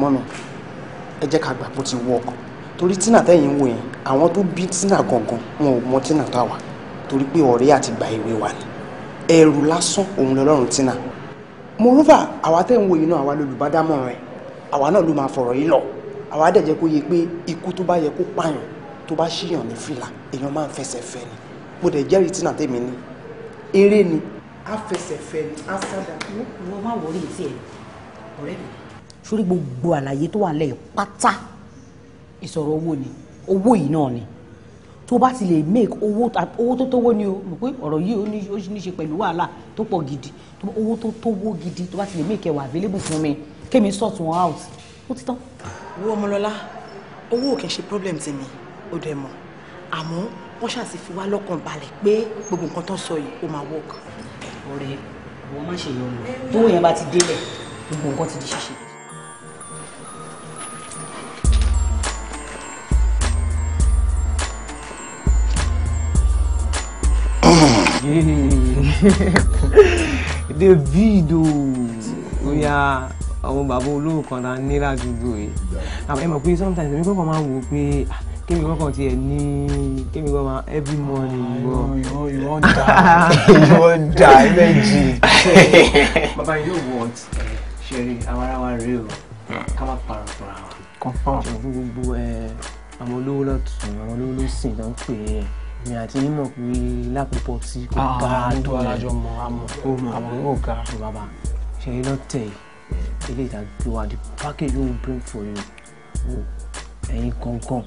mọ́nà ẹ jẹ́ ká gbà bó ti work torí tínà tẹ́yìn wò yẹn àwọn tó bí tínà gangan wọn ò mọ tínà táwa torí pé ọ̀rẹ́ àti gba ìwé wa ni ẹrù lásán òun lọ́lọ́run tínà moreover àwa tẹ́ ń wo yìí náà àwa lolùbádámọ̀ràn ẹ̀ àwa náà ló máa fọ̀rọ̀ yìí lọ àwa dẹ̀ jẹ́ kó yẹ pé ikú tó bá yẹ kó pààyàn tó bá ṣíyàn ní fìlà èèyàn máa ń fẹsẹ̀ fẹ́ ni mo dẹ̀ jẹ́rìí tí nàá tèmi ní eré ni á fẹsẹ̀ fẹ́ ni á sádà. wọ́n má wọrí ìtì ẹ̀ ọ̀rẹ́ mi sórí gbogbo àlàyé tó wà lẹ́yìn pátá ìsọ̀rọ̀ owó ni owó yìí náà ni tó bá ti lè make owó owó tó tówó ni o mọ̀ pé ọ̀rọ̀ yìí ó ní ṣe pẹ̀lú wàhálà tó pọ̀ gidi owó tó tówó gidi tó bá ti lè make ẹwà available fún mi kémi sort out ó ti tán. owó ọmọlọlá owó ò kì ṣe problem tèmi ó dẹ̀ mọ̀ àmọ́ wọ́n ṣàṣì fi wá lọ́kàn balẹ̀ pé gbogbo nǹkan tó sọ yìí ó máa work. ọ̀rẹ́ ìwọ má ṣe yọnu tó yẹn bá ti délẹ̀ gbogbo nǹkan ti di ṣíṣe. Davido oya àwọn bàbá olówó kan tá a ní ládùúgbò yìí àmọ́ ẹ mọ̀ pé sometimes èmi kọ́kọ́ máa wò ó pé ah, kémi kọ́kàn tiẹ̀ ní kémi kọ́ máa every morning ah, bọ̀. ìwọ da ìwọ da méjì. bàbá yìí yóò wọ ọtí ṣeré àwọn ará wa rèé o ká má parọ́ fún ara wa. confam. ọ̀gbọ́n gbogbo àwọn olówó lọ́tún àwọn olówó lọ́sìn ló ń pè é mi àti yín mọ̀ pé lápapọ̀ tí kò ah, bá a tó alájọ mọ̀ àmọ̀ kó mọ̀ àmọ̀ yóò ga ṣeré lọ́tẹ̀ ilé ìtàgbé wa the package we bring for you ẹ̀yin kankan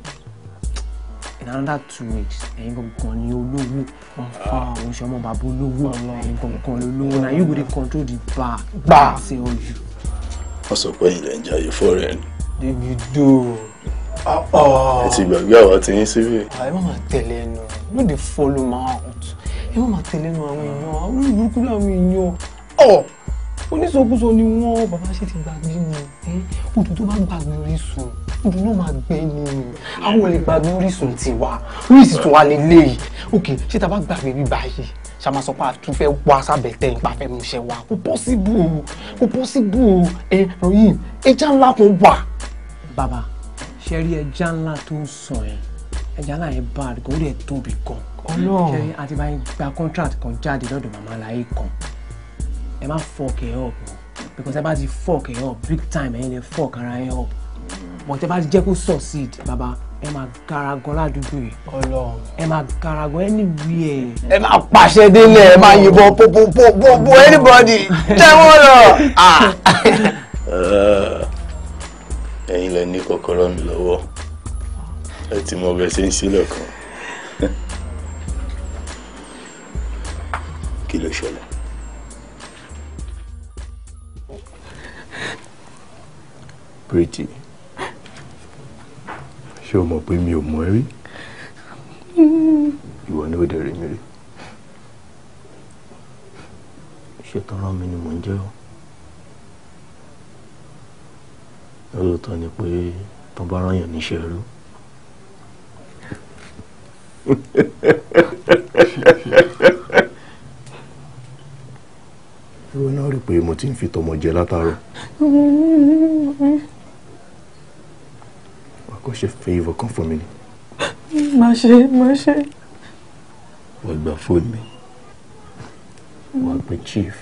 in another two weeks ẹ̀yin gangan ni olówó ọ̀fà oṣù ọmọ bàbá olówó ẹ̀yin gangan ni olówó na you go dey control the bar gba ṣe ojú. wọ́n sọ pé ilẹ̀ ń jayé fọ́ọ̀rẹ́ ni. débi dò. ẹ ti gbàgbé àwa ti yín síbí. ẹ má máa tẹ̀lé ẹnu no dey follow my out ẹ má máa tẹ̀lé ẹnu àwọn èèyàn àwọn olùkú làwọn èèyàn ọ̀ oníṣòkúṣọ ni wọ́n bàbá ṣe ti gbàgbé mi òtútù bá gbàgbé orísun ibi náà máa gbé ni àwọn olè gbàgbé orísun tiwa orísun tiwa lélẹ́yìí ok ṣé tá a bá gbàgbé bí báyìí ṣàmà sọ pé àtún fẹ́ wá sábẹ̀ tẹ̀ nípa fẹ́ mú iṣẹ́ wa kò pọ́síbù o kò pọ́síbù o ẹ̀rọ yìí ẹja ńlá kan wà. bàbá ṣe rí ẹja ńlá tó ń sàn ẹ ẹja ńlá yẹn bá àdìgún ó lè tóbi gan. ọlọ́run ṣe rí àti bá yín gba contract kan jáde lọ́dọ̀ màmá aláyé kan ẹ má fọ́ọ̀kì ẹ̀ up because ẹ bá ti fọ́ọ̀kì ẹ̀ up big time ẹ̀yin lè fọ́ọ̀kì ara ẹ̀ up but ẹ bá jẹ́ kó succeed baba, ẹ máa garagan ládùúgbò yìí ẹ máa garagan anywhere. ẹ máa pàṣẹ délẹ̀ ẹ máa yìnbọn pòpòpòpò anybody tẹ́wọ́ lọ. Ah. Eh, ẹ̀yin lẹ ní kọ́kọ́rọ́ mi lọ́wọ́ ẹ ti mọ bẹ ṣe ń sílẹ̀ kan kí ló ṣẹlẹ̀. Pretty ṣé o mọ̀ pé mi ò mọ̀ ẹ́ rí mm. ìwọ ni ó dẹ̀ rí mi rí ṣé tọrọ mi ni mò ń jẹ́ o lóòótọ́ ni pé tó bá rán yàn níṣẹ́ rú. ìwọ náà rí i pé mo ti ń fi tọmọ jẹ látàárọ̀. ṣe favour kan fún mi ni. má ṣe má ṣe. wọ́n gba fóònù mi wọ́n pe chief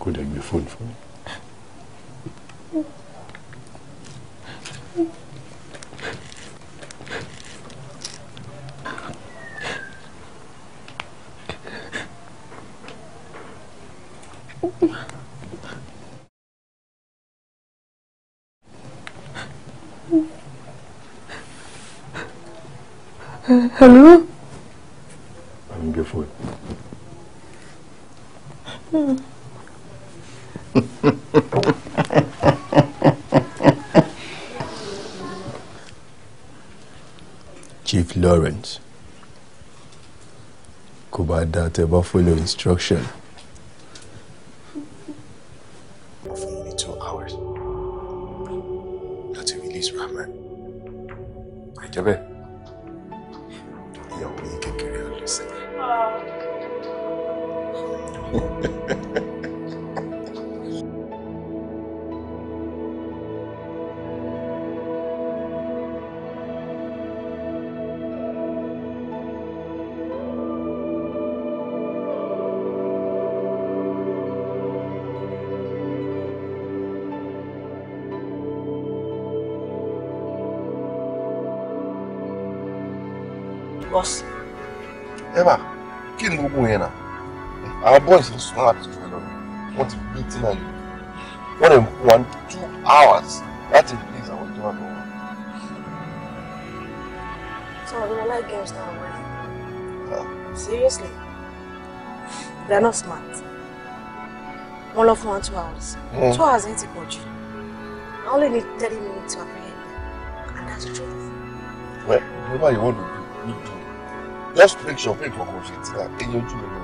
kó dẹ̀ gbé fóònù fún mi. about following instruction. Our boys are smart. àti jù lọ wọ́n ti gbé tí náà wọ́n two hours láti release àwọn tó wà lọ́wọ́. Some of them are like girls now, ah. are Seriously, They're not smart. One of one, two hours. Mm. Two hours yẹn ti pọ̀ jù. I only need thirty minutes to apprehend them, and that's the truth. Well, whatever you want to do, you do. Just make sure pé ìkọ̀kọ̀ ṣe ti ra ẹyẹ ojú mi lọ.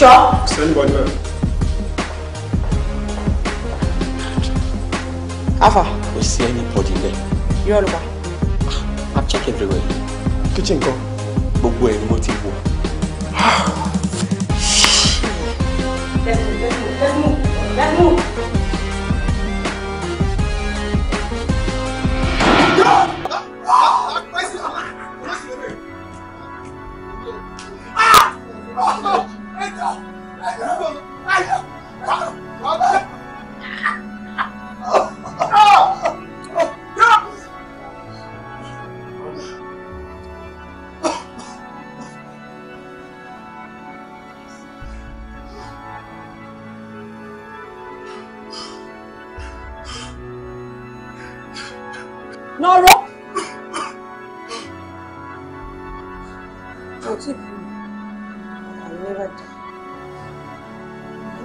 sure? Send one man. Alpha. We see anybody there. You all over. I'm checking everywhere. Kitchen go. Gbogbo ẹ̀ ni mo ti wò. Let's move, let's move, let's move, let's move.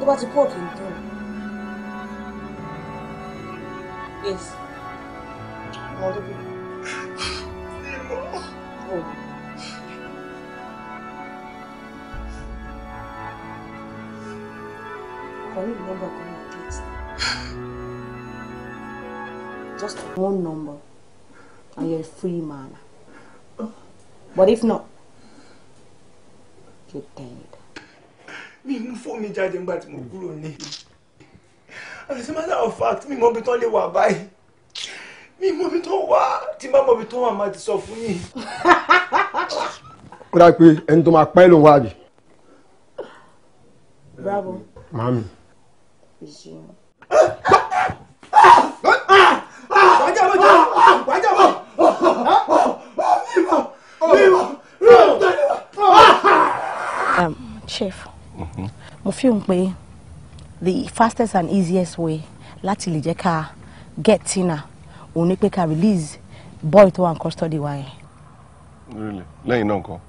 bá ti kú òkè ń tó. Yes. Ọmọ tó kú. Calling number come on, Just one number, and you're a free man. But if not, you're dead mi mú fóònù mi jáde nígbà tí mo kúrò ní as a matter of fact mi mọ ibi tán lè wà báyìí mi mọ ibi tán wà tí bá mọ ibi tán wà máa ti sọ fún yìí. ó dáa pé ẹni tó máa pẹ́ ló ń wá àbí. bravo. màámi. wájà wájà wájà wájà. Um, chef mo fi hàn pé the fastest and easiest way láti lè jẹ́ ká get tina òun ni pé ká release boy tó wà ní custody wa yẹn. really lẹ́yìn náà nǹkan.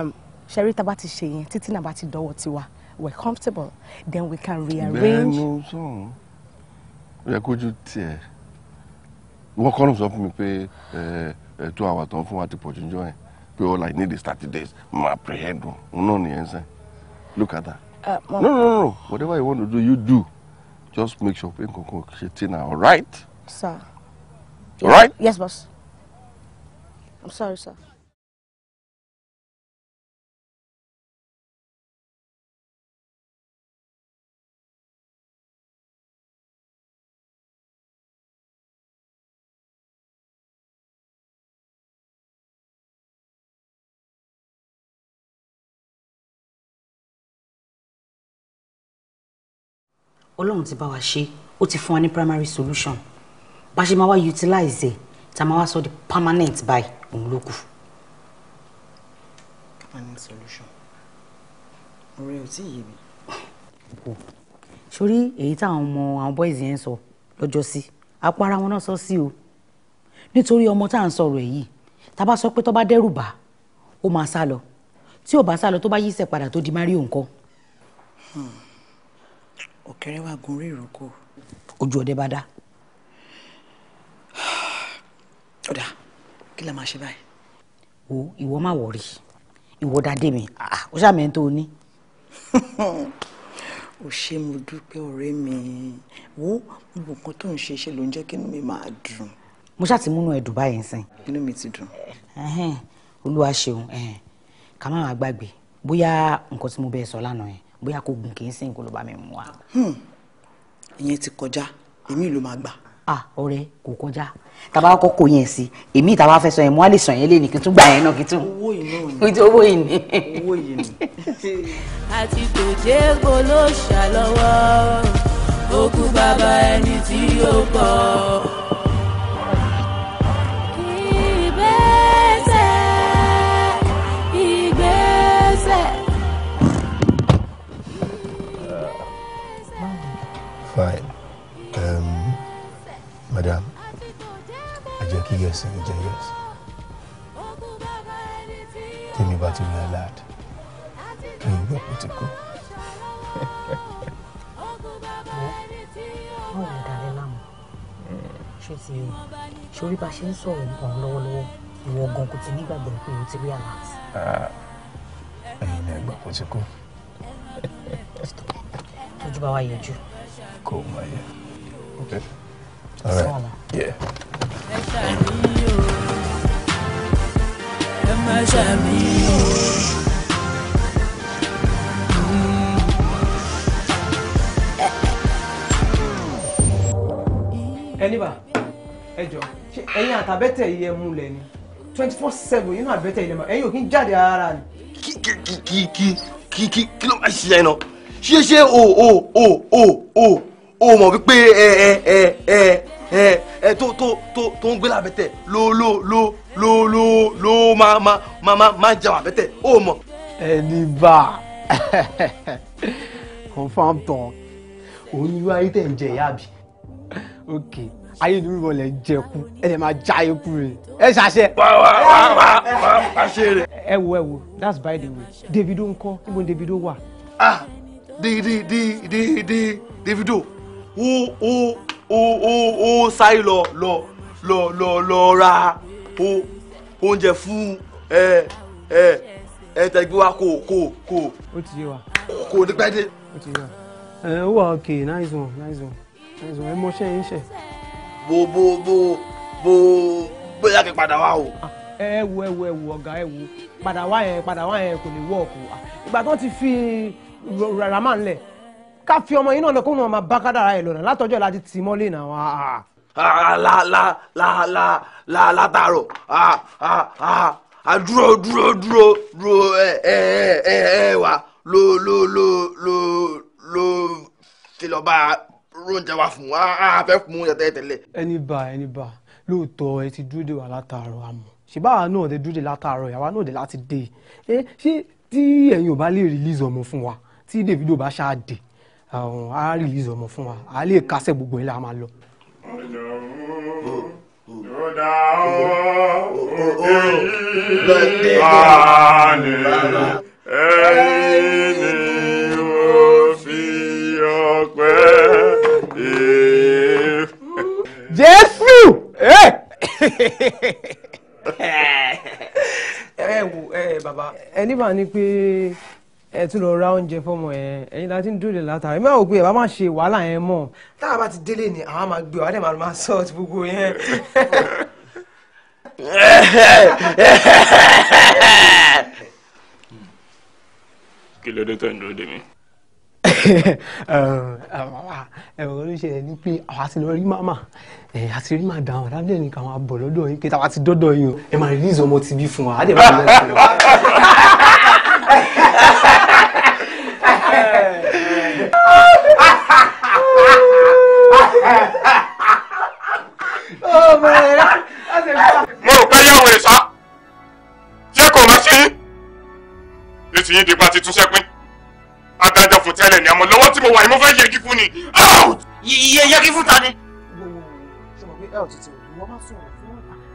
Um, ṣeré tá a bá ti ṣe yẹn títí náà bá ti dọ́wọ́ tiwa we are comfortable then we can rearrange. bẹ́ẹ̀ ni sọ̀rọ̀ ó yẹ kójú tiẹ̀ wọ́n kọ́ ló sọ fún mi pé two hours tán fún wa ti pọ̀ jù jọ yẹn pé all i need is thirty days mo apprehend o n náà nìyẹn sẹ́yìn look at that. Uh, no, no, no, no. Whatever you want to do, you do. Just make sure pé nǹkan kan all right? Sir. All right? Yes, boss. I'm sorry, sir. ọlọ́run ti bá wa ṣe ó ti fún wa ní primary solution bá ṣe máa wá utilize ẹ̀ e, máa wá sọ di permanent báyìí òun ló kù. permanent solution ọ̀rẹ́ ò tí ì yé mi. sórí èyí táwọn ọmọ àwọn boys yẹn ń sọ lọ́jọ́ sí apá ara wọn náà sọ sí o nítorí ọmọ tá à ń sọ̀rọ̀ ẹ̀ yìí tá bá sọ pé tó bá dẹ́rù bá ó máa sá lọ tí ò bá sá lọ tó bá yí sẹ̀ padà tó di márí òǹkọ́. Hmm ọ̀kẹ́rẹ́ wà gun orí ìrókò. ojú ọdẹ bá dá. ọ̀dà kí la máa ṣe báyìí. wo ìwọ má wọrí ìwọ dáadé mi ah, ó ṣàmì ẹni tó o ní. o ṣé mo dúpẹ́ ọ̀rẹ́ mi wo gbogbo nǹkan tó ń ṣe ṣe ló ń jẹ́ kí inú mi máa dùn. mo ṣáà ti múnú ẹ dùn báyìí sìn. inú mi ti dùn. olúwa ṣeun ká má wàá gbàgbé bóyá nǹkan tí mo bẹ́ẹ̀ sọ lánàá yẹn bóyá kò gùn kì í sìn kó ló bá mi mú wa. Hmm. ìyẹn ti kọjá èmi ló máa gbà. ah ọ̀rẹ́ kò kọjá tàbá kọ kò yẹn sí èmi ìtàbá fẹ́ yẹn mo á lè sọ yẹn léyìn kí n gbà yẹn náà kí owó yìí ni owó yìí ni. owó yìí ni. àti kò jẹ́ kó ló ṣàlọ́wọ́ òkú bàbá ẹni tí ó kọ́. Right. Um, madam, ẹ jẹ́ kí yẹ̀ sí, ẹ jẹ́ yẹ̀ sí. Tèmi bá ti rí ẹ láàdì, kí n gbọ́ kó ti kú. Báwo ni dàrí láàmú? Ṣé ti o? Ṣé orí bá ṣe ń sọ̀rọ̀ nǹkan lọ́wọ́lọ́wọ́? Ìwọ gan kò ti nígbàgbọ́ pé o ti rí àlàáfíà. Ah, ẹ̀yin ni ẹ gbà kó ti kú. Tọ́jú bá wa yẹjú coma, yeah. Okay. All right. Sala. Yeah. ẹnìbà ẹ jọ ṣe ẹ̀yin àtàbẹ́tẹ̀ yìí ẹ múlẹ̀ ni twenty four seven yìí náà àbẹ́tẹ̀ yìí lẹ́mọ̀ ẹ̀yin ò kí ń jáde ara ni. kí kí kí kí kí kí ló máa ṣe ẹ náà ṣe ṣe o o o o o o mọ̀ wípé ẹ ẹ ẹ ẹ ẹ ẹ tó tó tó tó ń gbé lábẹ́tẹ̀ ló ló ló ló ló ló máa máa máa máa ń jẹun àbẹ́tẹ̀ o mọ̀. ẹni bá confam tán òun ni wáyé tẹ̀ ń jẹ ìyá àbí ok ayé ni wíwọ lẹ jẹku ẹ lè máa já ikú rẹ ẹ ṣàṣẹ. wá wá wá wá wá wá ṣe rẹ. ẹ wo ẹ wo that's by the way Davido ńkọ́ níbo ni Davido wà. ah di di di di di Davido ó ó ó ó ó sáré lọ lọ lọ lọ lọ ra ó oúnjẹ fún ẹ ẹ ẹ tẹgbẹ́ wa kò kò kò. ó ti yé wa. kò ní pẹ́ dé. ó ti yé wa ó wà ok nice one nice one nice one ẹ mọ ṣẹ́ yín ṣẹ́. bo bo bo bo bóyá kí padà wá o. Ah, ẹ wo ẹ wo ẹ wo ọ̀gá ẹ wo padà wá yẹn padà wá yẹn kò lè wọ́ọ̀kù ah, ìgbà tó ti fi ràràmà ńlẹ̀ ká fi ọmọ yìí náà lọ kó wọn máa bá kádàrá ẹ lọ́nà látọjọ́ láti tì mọ́lẹ̀ náà wá. Ah, ah, la la la la la látàárọ̀ a ah, dúró dúró dúró dúró ẹ ẹ ẹ ẹ wa ló ló ló ló ló ti lọ bá a róúnjẹ wa fún wa a fẹ́ fún un yẹtẹ tẹ́lẹ̀. ẹni bá ẹni bá lóòótọ́ ẹ ti dúró de wa látàárọ̀ àmọ́ ṣùgbọ́n àwa náà ti dúró de látàárọ̀ àwa náà de láti dé eh, ṣé tí ẹ̀yin ò bá lè release ọmọ fún wa tí Davido bá ṣáà dé àwọn á release ọmọ fún wa á lè kásẹ̀ gbogbo yẹn la máa lọ. Jésù! ẹ eh! eh, eh, wo ẹ bàbá. ẹni bá ní pé ẹ tún lọ ra oúnjẹ fọmọ yẹn ẹyin láti ń dúró látara ẹ máa wò máa ṣe wàhálà yẹn mọ́. tá a bá ti délé ni àwa máa gbé ọ àdé màá máa sọ ọtí gbogbo yẹn. kí ló dé tó ń dúró dè mí. ẹ̀rọ olóṣèlú ni pé àwa ti lọ rí màmá a ti rí máa da àwọn arábìnrin nìkan abọ̀ lọ́dọ̀ yín pé táwa ti dọ́dọ̀ yín o ẹ máa rí ìzọmọ tìbí fún wa á dẹ̀ máa rí ìzọmọ tìbí ti yín dípa ti túnṣẹ́ pín adájọ́ fún tẹ́lẹ̀ ni àmọ́ lọ́wọ́ tí mo wà yìí mo fẹ́ yẹgi fún ni out. iye yẹgi fún ta ni.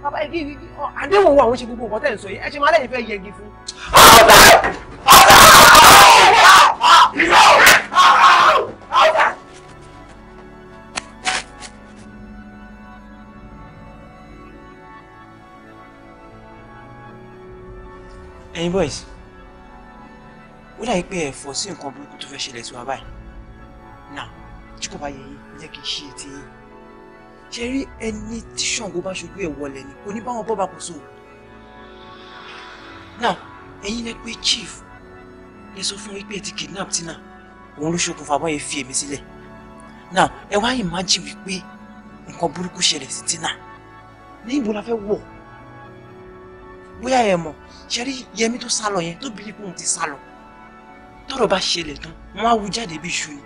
bàbá igi àdéhùn àwọn ṣe gbogbo nǹkan tẹ̀ ń sọ yìí ẹ ṣe máa lẹ́yìn fẹ́ yẹgi fún. ọ̀tá Out! Out! Out! Out! Hey boys, ó dàbí pé ẹ̀fọ́ sí nǹkan burúkú tó fẹ́ ṣẹlẹ̀ sí wa báyìí náà tí kò bá yẹ yín jẹ́ kí n ṣe ti yín ṣe rí ẹni tí Ṣàngó bá ṣojú ẹ̀ wọlé ni kò ní báwọn bọ́ba kò so náà ẹ̀yin lẹ pé chief lè sọ fún wípé ti kidnap Tina òun ló ṣokùnfà báyìí fi èmi sílẹ̀ náà ẹ wá imagine wípé nǹkan burúkú ṣẹlẹ̀ sí Tina ní ìbò la fẹ́ wọ̀ bóyá ẹ mọ̀ ṣe rí Yẹmí tó sá lọ yẹn tó bìlí pé òun ti sá tọ́rọ̀ bá ṣẹlẹ̀ tán wọ́n á wú jáde bí iṣu ni.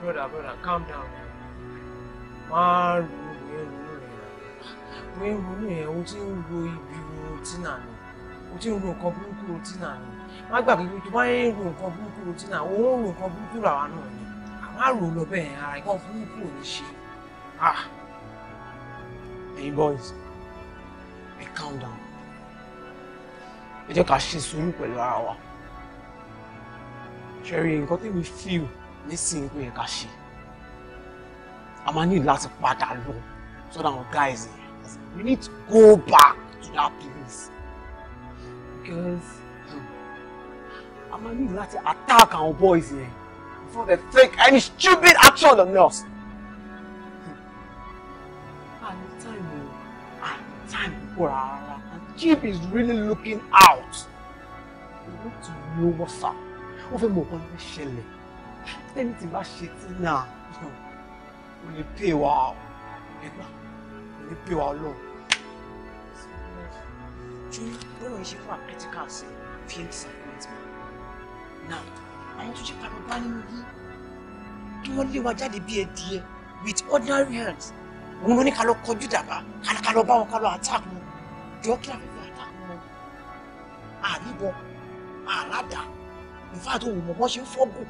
broda broda calm down má ronú yẹn ronú yẹn ronú yẹn o ti ń ro ibi rotina ni o ti ń ro nǹkan burúkú rotina ni má gbàgbé pé tó bá ń ro nǹkan burúkú rotina o ń ro nǹkan burúkú làwa náà ni àwa rò lọ bẹ́ẹ̀ ara nǹkan burúkú ò ní ṣe ah! ẹ̀yin boys ẹ calm down ẹ jẹ́ ká ṣe sùúrù pẹ̀lú ara wa ṣẹ̀rí nǹkan tẹ́mi fíl nísìnyí pé ẹ̀ka ṣe a máa ní láti padà lọ sọ́dọ̀ àwọn guys we need to go back to that place because hmm, a máa ní láti attack our boys yẹn before they take any stupid action on us. Hmm. and time time o rárá and is really looking out we need to know what's up wọ́n fẹ́ mọ̀ nǹkan tó ṣẹlẹ̀ ẹni tí bá ṣe tí náà kò ní pè wá ẹgbà kò ní pè wá lọ. ju bọ́lá ìṣe fún àpẹtíkà sí fi ń disappoint me now àwọn tó jẹ́ pàmò bá nínú yìí kí wọ́n lé wa jáde bí ẹdìẹ with ordinary hands wọn ló ní ká lọ kọjú dàbá ká lọ bá wọn ká lọ attack wọn jọ kí àfẹ́fẹ́ attack wọn àríwọ àràdà. In fact, oh, my washing for good.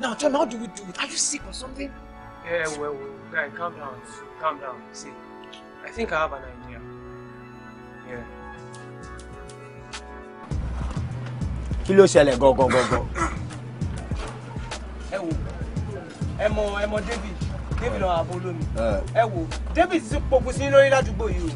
Now tell me, how do we do it? Are you sick or something? Yeah, well, well, guy, calm down. Calm down. See, I think I have an idea. Yeah. Kí ló go, go, go, go. wo, ẹ mọ ẹ mọ David, David ọ̀hún àbọ̀ olómi. Ẹ wo, David ti pokùn sí lórí ládùúgbò yìí you.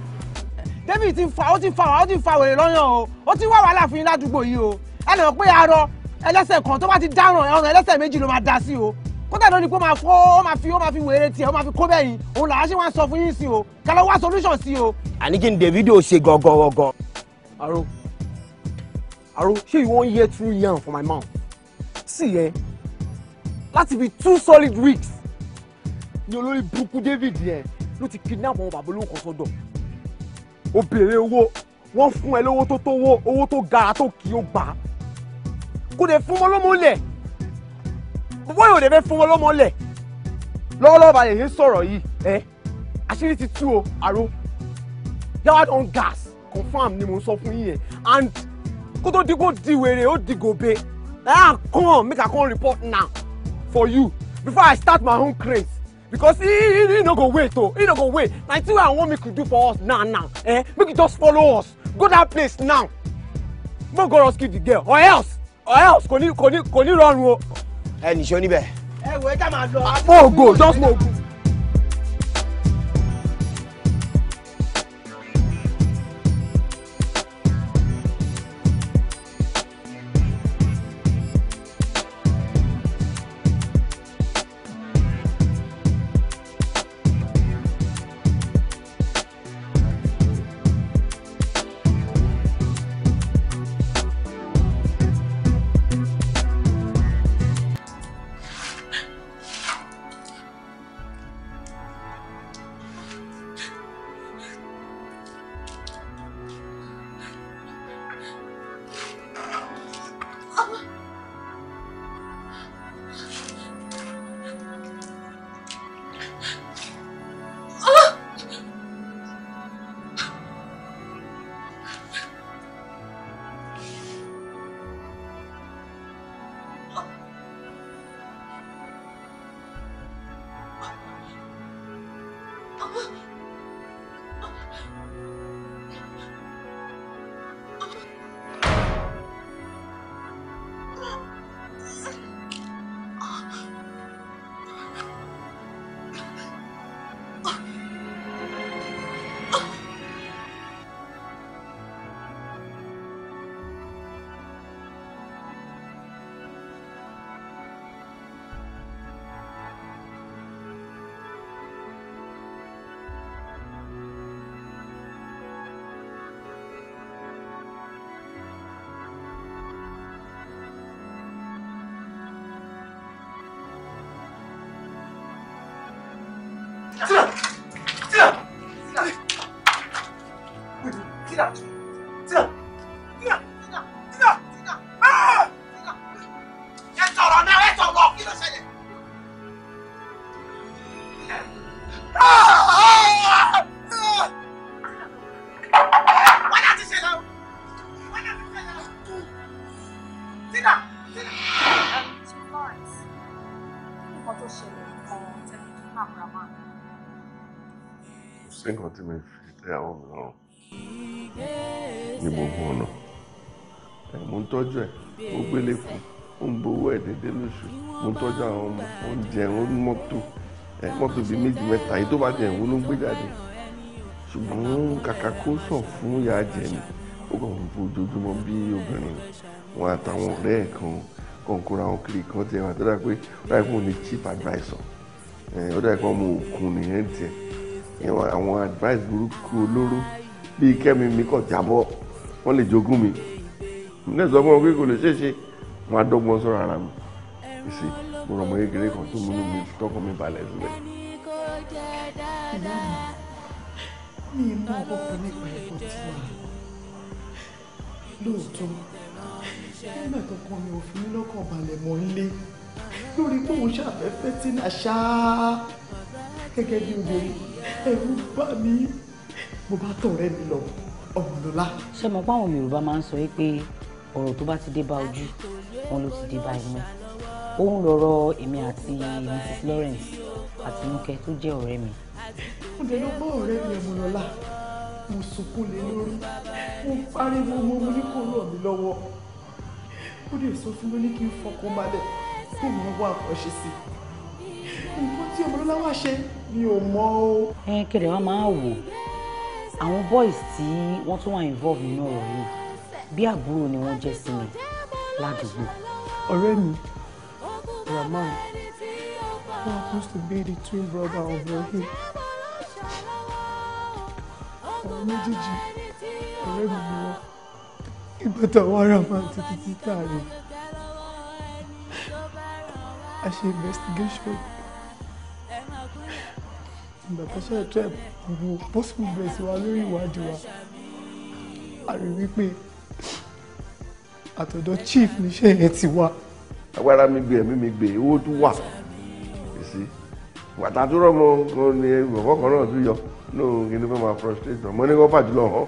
David ti fa ó ti fa ó ti fa wèrè lọ́yàn o, ó ti wá wàhálà fún yín ládùúgbò you ẹ lè mọ̀ pé arọ ẹlẹ́sẹ̀ kan tó bá ti dáràn ọ̀ràn ẹlẹ́sẹ̀ méjì ló máa da sí o kódà lónìí pé ó máa fọ́ ó máa fi ó máa fi wèrè tiẹ̀ ó máa fi kó bẹ́yìn òun làá ṣe wá ń sọ fún yín sí o ká lọ wá solution sí o. àní kí ni Davido ṣe gọgọgọgọ. aro aro ṣé you wan hear true yarn for my mouth sí yẹn láti fi two solid weeks ni olórí burúkú David yẹn ló ti kidnap àwọn bàbá olóko sọ́dọ̀ ó béèrè owó wọ́n fún ẹ lówó tó tówó owó tó ga tó kì ó gbà kò dé fún wọn lọ́mọ lẹ̀ wọ́n yóò dé fẹ́ fún wọn lọ́mọ lẹ̀ lọ́wọ́lọ́wọ́ bá yẹn sọ̀rọ̀ yìí ẹ àṣírí ti tú o àrò yàrá don gas confam ni mo sọ fún yín yẹn and kó tó di kó di wèrè ó di gòbe náà ah, come make I come report now for you before I start my own craze because he he he no go wait o he no go wait na wetin i want make you do for us now now eh make you just follow us go that place now make god rescue the girl or else else kò ní rọrùn o. ẹ nìṣó níbẹ̀. ẹ wò ẹ já máa lọ. mo ògo just mo ògo. nǹkan tí mi fi tẹ́yàwó mi lọ́rùn ní gbogbo ọ̀nà mo ń tọ́jú ẹ̀ ó gbélé kù ó ń bowó ẹ̀ déédéé lóṣù mo ń tọ́jú àwọn ọmọ ó ń jẹun ó ń mọ́tò ẹ mọ́tò bíi méjì mẹ́ta èyí tó bá jẹ ìwó ló ń gbé jáde ṣùgbọ́n kàkà kó sàn fún ìyá àjẹmí ó kàn ń fojoojúmọ́ bí obìnrin wọn àtàwọn ọ̀rẹ́ ẹ̀ kan kàn kóra wọn kiri kan tiẹ̀ wọn àtọ́dá pé ó dà kó chief advisor ó dà ọmọ òkun nìyẹn tiẹ̀ àwọn advice burúkú olóró bíi kẹ́mi mi kàn jábọ́ wọ́n lè jogún mi nígbà tí wọ́n pé kò lè ṣeé ṣe wọ́n sọ̀rọ̀ ara mi mo rọ̀ mọ́ kékeré kan tó múnú mi tọkàn mi balẹ̀ lulẹ̀. mi mú ọkọ kan nípa ẹ̀kọ́ tí wà lóòótọ́ nígbà tó kàn ò fi mí lọ́kàn balẹ̀ mọ́ nílé lórí pé òun ṣàfẹ́fẹ́ tí náà ṣáá gẹ́gẹ́ bí obìnrin ẹ̀rù bà mí mo bá tọ̀rẹ́ mi lọ ọ̀rọ̀ lọ́la. ṣé mo pa àwọn Yorùbá máa ń sọ pé ọ̀rọ̀ tó bá ti dé bá ojú wọn ló ti dé bá imú òun lọ̀rọ̀ èmi àti mrs Lawrence àtinúkẹ́ tó jẹ́ ọ̀rẹ́ mi. mo dẹnu bọ́ ọ̀rẹ́ mi ẹ̀mú lọ́la mo sunkún lé lórí mo pariwo mo mo ní kó ràn mí lọ́wọ́ ó lè sọ fún mi ní kí n fọkàn balẹ̀ kí n wá àkọ́ṣe sí i nǹkan tí ọmọ wá ṣe mi ò mọ̀ o. ẹ kẹrẹ wọn máa wò àwọn boys tí wọ́n tún wà involve nínú ọ̀rọ̀ yìí bí àbúrò ni wọ́n jẹ́ sí mi ládùúgbò. ọ̀rẹ́ mi Rahman, who happens to be the twin brother of Rahim. Àwọn méjèèjì ọ̀rẹ́ mi ni wọ́n. Ìgbà táwọn ará máa ń tètè títà rẹ̀. A ṣe investigation. Ìgbà tó ṣe ẹ̀tọ́ ẹ̀ gbogbo possible bẹ̀rẹ̀ sí wa lórí ìwádìí wa. A rí wípé àtọ̀dọ̀ chief níṣẹ́ yẹn ti wá agbára mi gbé ẹ̀mí mi gbé owó tó wà èsì bàtà tó rọ mọ mo ní bọ̀bọ̀ kan náà tó yọ lóhùn kí ni fẹ́ máa frustrate náà ní kó fàjùlọ hàn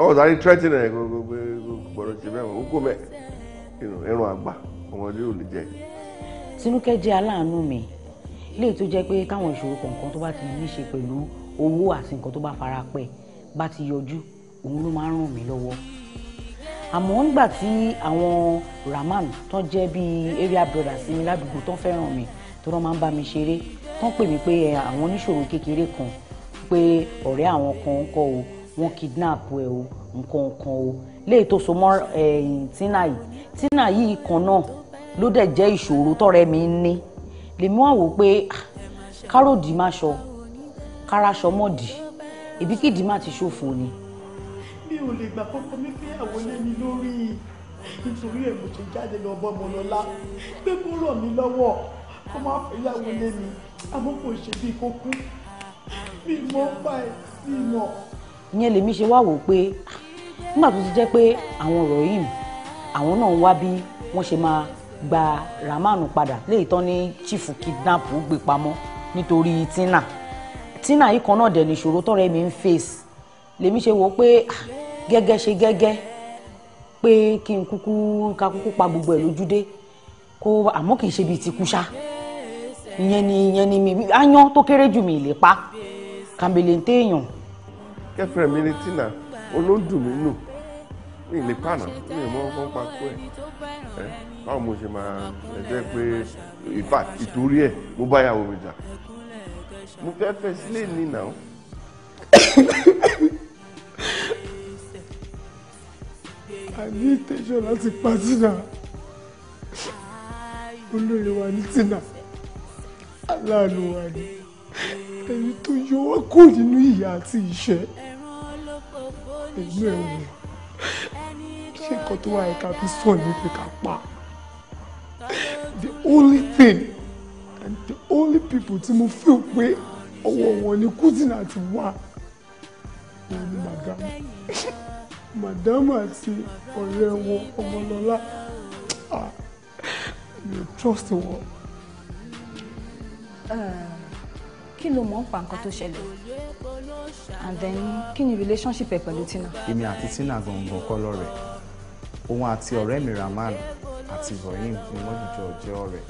ọwọ́ sáré tírẹ́tì náà kó gbọ́dọ̀ ṣe mẹ́wàá ó kó mẹ́ ẹran àgbà ọmọdé ò lè jẹ. Tinúkẹ́ jẹ́ aláàánú mi léè tó jẹ́ pé káwọn ìṣòro kọ̀ọ̀kan tó bá ti ní í ṣe pẹ̀lú owó àti nǹkan tó bá fara pẹ́ bá ti yọjú òun ló máa ń ràn mí lọ́wọ́ àmọ́ ńgbà tí àwọn rahman tán jẹ́ bíi area brothers mi ládùúgbò tán fẹ́ràn mi tó rán máa ń bá mi ṣeré tán pè mí pé àwọn oníṣòwò kékeré kan pé ọ̀rẹ́ àwọn kan ń kọ́ o wọ́n kidnap ẹ o nǹkan nǹkan o léyìí tó so mọ́ tina yìí tina yìí kan náà ló dẹ̀ jẹ́ ìṣòro tọ́rẹ́ mi ní lèmi wá wò pé ah, káròdì má ṣọ káraṣọ mọ̀dì ìbíkídì má ti ṣòfò ni mi ò lè gbà kọ́kọ́ mi fẹ́ àwọn ilé mi lórí nítorí ẹ̀ mo ṣe jáde lọ bọ́ ọmọ lọ́lá pé kó rọ̀ mí lọ́wọ́ kó má fẹ́ yàwó ilé àmọ́ kò ṣe bí kó mi mọ́ pa ẹ̀ mi mọ̀. ìyẹn lèmi ṣe wá wò ó pé nígbà tó ti jẹ́ pé àwọn ọ̀rọ̀ yìí àwọn náà ń wá bí wọ́n ṣe máa gba ramanu padà léyìí tán ní chief kidnap gbé pamọ́ nítorí tina tina yìí kan náà dẹ̀ ní ìṣòro tọ́rẹ́ mi ń face lèmi ṣe wò ó pé ah, gẹ́gẹ́ ṣe gẹ́gẹ́ pé kí n kúkú ká kúkú pa gbogbo ẹ̀ lójúdé kó àmọ́ kì í ṣe bíi ti kú ṣá ìyẹn ni ìyẹn ni mi áyán tó kéré jù mí lè pa kàmbélé ń téèyàn. kẹfìrẹ mi retí náà olóńdùn mi nù mi lè pàànà mi ò mọ ọkọ ń pakó ẹ báwo mo ṣe máa ẹ jẹ pé ìfà ìtorí ẹ mo bá yàwó mi jà mo fẹ́ fẹ́ sílé ní náà àní tẹ̀sán láti pa tìǹà olórí wa ní tìǹà aláàánú wa ni ẹni tó yọ wá kó nínú ìyà àti ìṣẹ́ ẹ̀gbọ́n ẹ̀ wò ṣé nǹkan tó wà yẹ ká fi ní pé pa the only thing and the only people tí mo feel pé ọwọ́ wọn ni kùtìnà ti wà. madam àti ọ̀rẹ́ wọn ọmọlọ́lá ah, you trust wọn. Eh, kí ló mọ̀ ń pa nǹkan tó ṣẹlẹ̀ and then kí ni relationship ẹ pẹ̀lú Tina. èmi àti Tina gangan kọ́ lọ́rẹ̀ òun àti ọ̀rẹ́ mi Rahman àti Ibrahim ni wọ́n jọ jẹ́ ọ̀rẹ́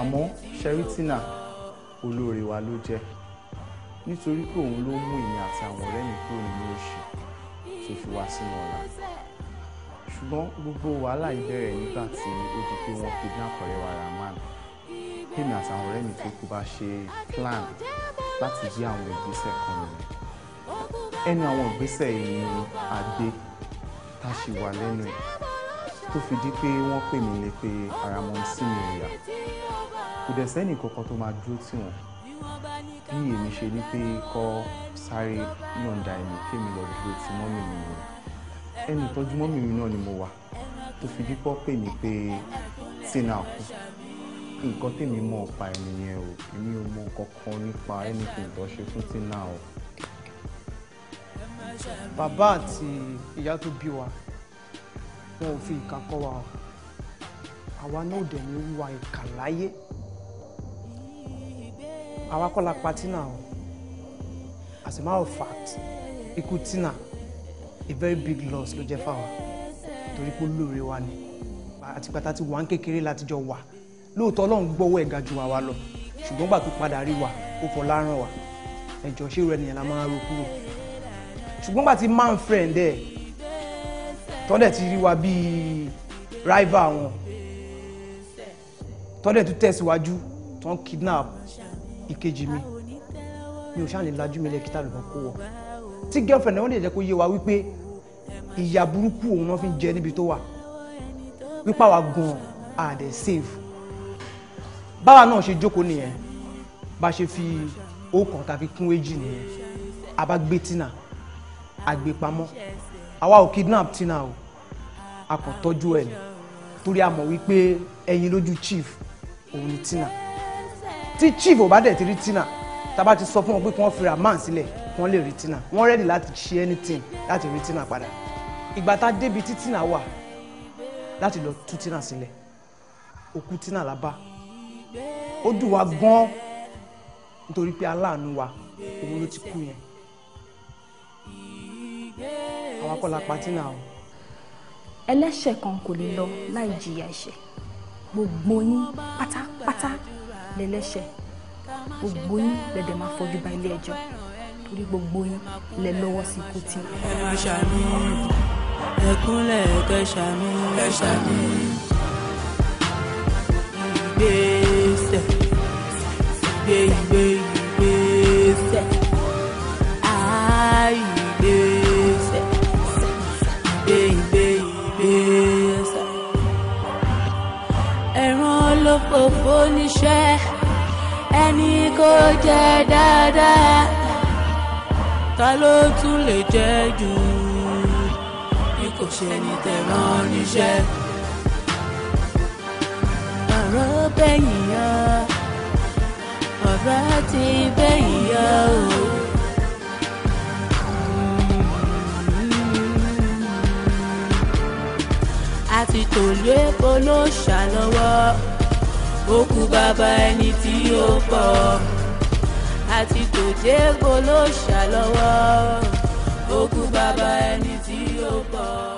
àmọ́ ṣẹ́rí Tina olóore wa ló jẹ́ nítorí pé òun ló mú ìyìn àti àwọn ọ̀rẹ́ mi kúrò nínú òṣì tó fi wá sínú ọ̀la ṣùgbọ́n gbogbo wàhálà yìí bẹ̀rẹ̀ nígbà tí ó di pé wọ́n kidnap ọ̀rẹ́ wa Rahman tèmi àtàwọn ọ̀rẹ́ mi tó kú bá ṣe plan láti jí àwọn ìgbésẹ̀ kan nìyẹn ẹnu àwọn ìgbésẹ̀ yìí ni a gbé tá a ṣì wà lẹ́nu ẹ̀ tó fi di pé wọ́n pè mí lé pé ara mọ́ sí mi ìyà kò dẹ̀ sẹ́nì kankan tó máa dúró tì wọ́n bí èmi ṣe ní pé kọ́ sáré yọ̀ǹda ẹ̀mí kémi lọ dúró ti mọ́mì mi ni ẹnu ìtọ́jú mọ́mì mi náà ni mo wà tó fi dípọ́ pè mí pé sínú àkú nǹkan tèmi mọ̀ pa ẹnìyẹn o èmi ò mọ̀ kankan nípa anything tó ṣe fún tina o. bàbá àti ìyá tó bí wa wọn ò fi ìka kọ́ wa àwa náà dẹ̀ ní wíwa ìkà láyé àwa kọ́ la pa Tina o as a matter of fact ikú Tina a very big loss ló jẹ́ fáwa torí pé olóore wa ni àtìpátá ti wà ń kékeré látijọ́ wà lóòótọ́ ọlọ́run gbọ́wọ́ ẹ̀ ga ju àwa lọ ṣùgbọ́n gbà tó padà rí wa ó fọ láràn wa ẹ̀jọ̀ ṣé rẹ nìyẹn la máa ro kúrò ṣùgbọ́n gbà tí man friend ẹ̀ tọ́dẹ̀ ti rí wa bíi rival wọn tọ́dẹ̀ tún tẹ̀síwájú tán kidnap ìkejì mi mi ò ṣáà lajú mi lẹ́kítà lùbọ́n kó wọ̀ tí girlfriend wọn lè jẹ́ kó yé wa wípé ìyà burúkú òun náà fi ń jẹ níbi tó wà wípé àwa gan àdẹ save báwa náà ṣe jókòó nìyẹn bá ṣe fi ọ̀kan tàbí kún èjì nìyẹn a bá gbé tina àgbépamọ́ àwa ò kidnap tina o a kàn tọ́jú ẹ̀ torí a mọ̀ wípé ẹyin lójú chief òun ni tina tí chief ò bá dẹ̀ ti rí tina tábà ti sọ fún wọn pé kí wọ́n fira man sílẹ̀ kí wọ́n lè rí tina wọ́n rẹ́dì láti ṣe anything láti rí tina padà ìgbà tá a débi tí tina wà láti lọ tú tina sílẹ̀ òkú tina la bá ó dùn wá gan-an nítorí pé aláàánú wa òun ló ti kú yẹn àwọn akọ́lá pa tina o. ẹlẹ́ṣẹ̀ kan kò lè lọ láì jìyà ẹ̀ṣẹ̀ gbogbo yín pátápátá lẹ́lẹ́ṣẹ̀ gbogbo yín lẹ́dẹ̀ máa fojú ba ilé ẹjọ́ torí gbogbo yín lẹ lọ́wọ́ sí ikú tí. ẹkúnlẹ̀ kẹsàmí kẹsàmí ìgbésẹ̀ ìgbé ìgbé. òfófó níṣẹ́ ẹni kò jẹ dáadáa ta ló tún lè jẹ jù bí kò ṣe ní tẹ̀rán níṣẹ́ ọ̀rọ̀ bẹ́yìn yọ ọ̀rọ̀ ti bẹ́yìn yọ o. àti tòlú èkó ló ṣàlọ́wọ́ òkú bàbá ẹni tí ó pọ̀ àti kò jẹ́ kó ló ṣàlọ́wọ́ òkú bàbá ẹni tí ó pọ̀.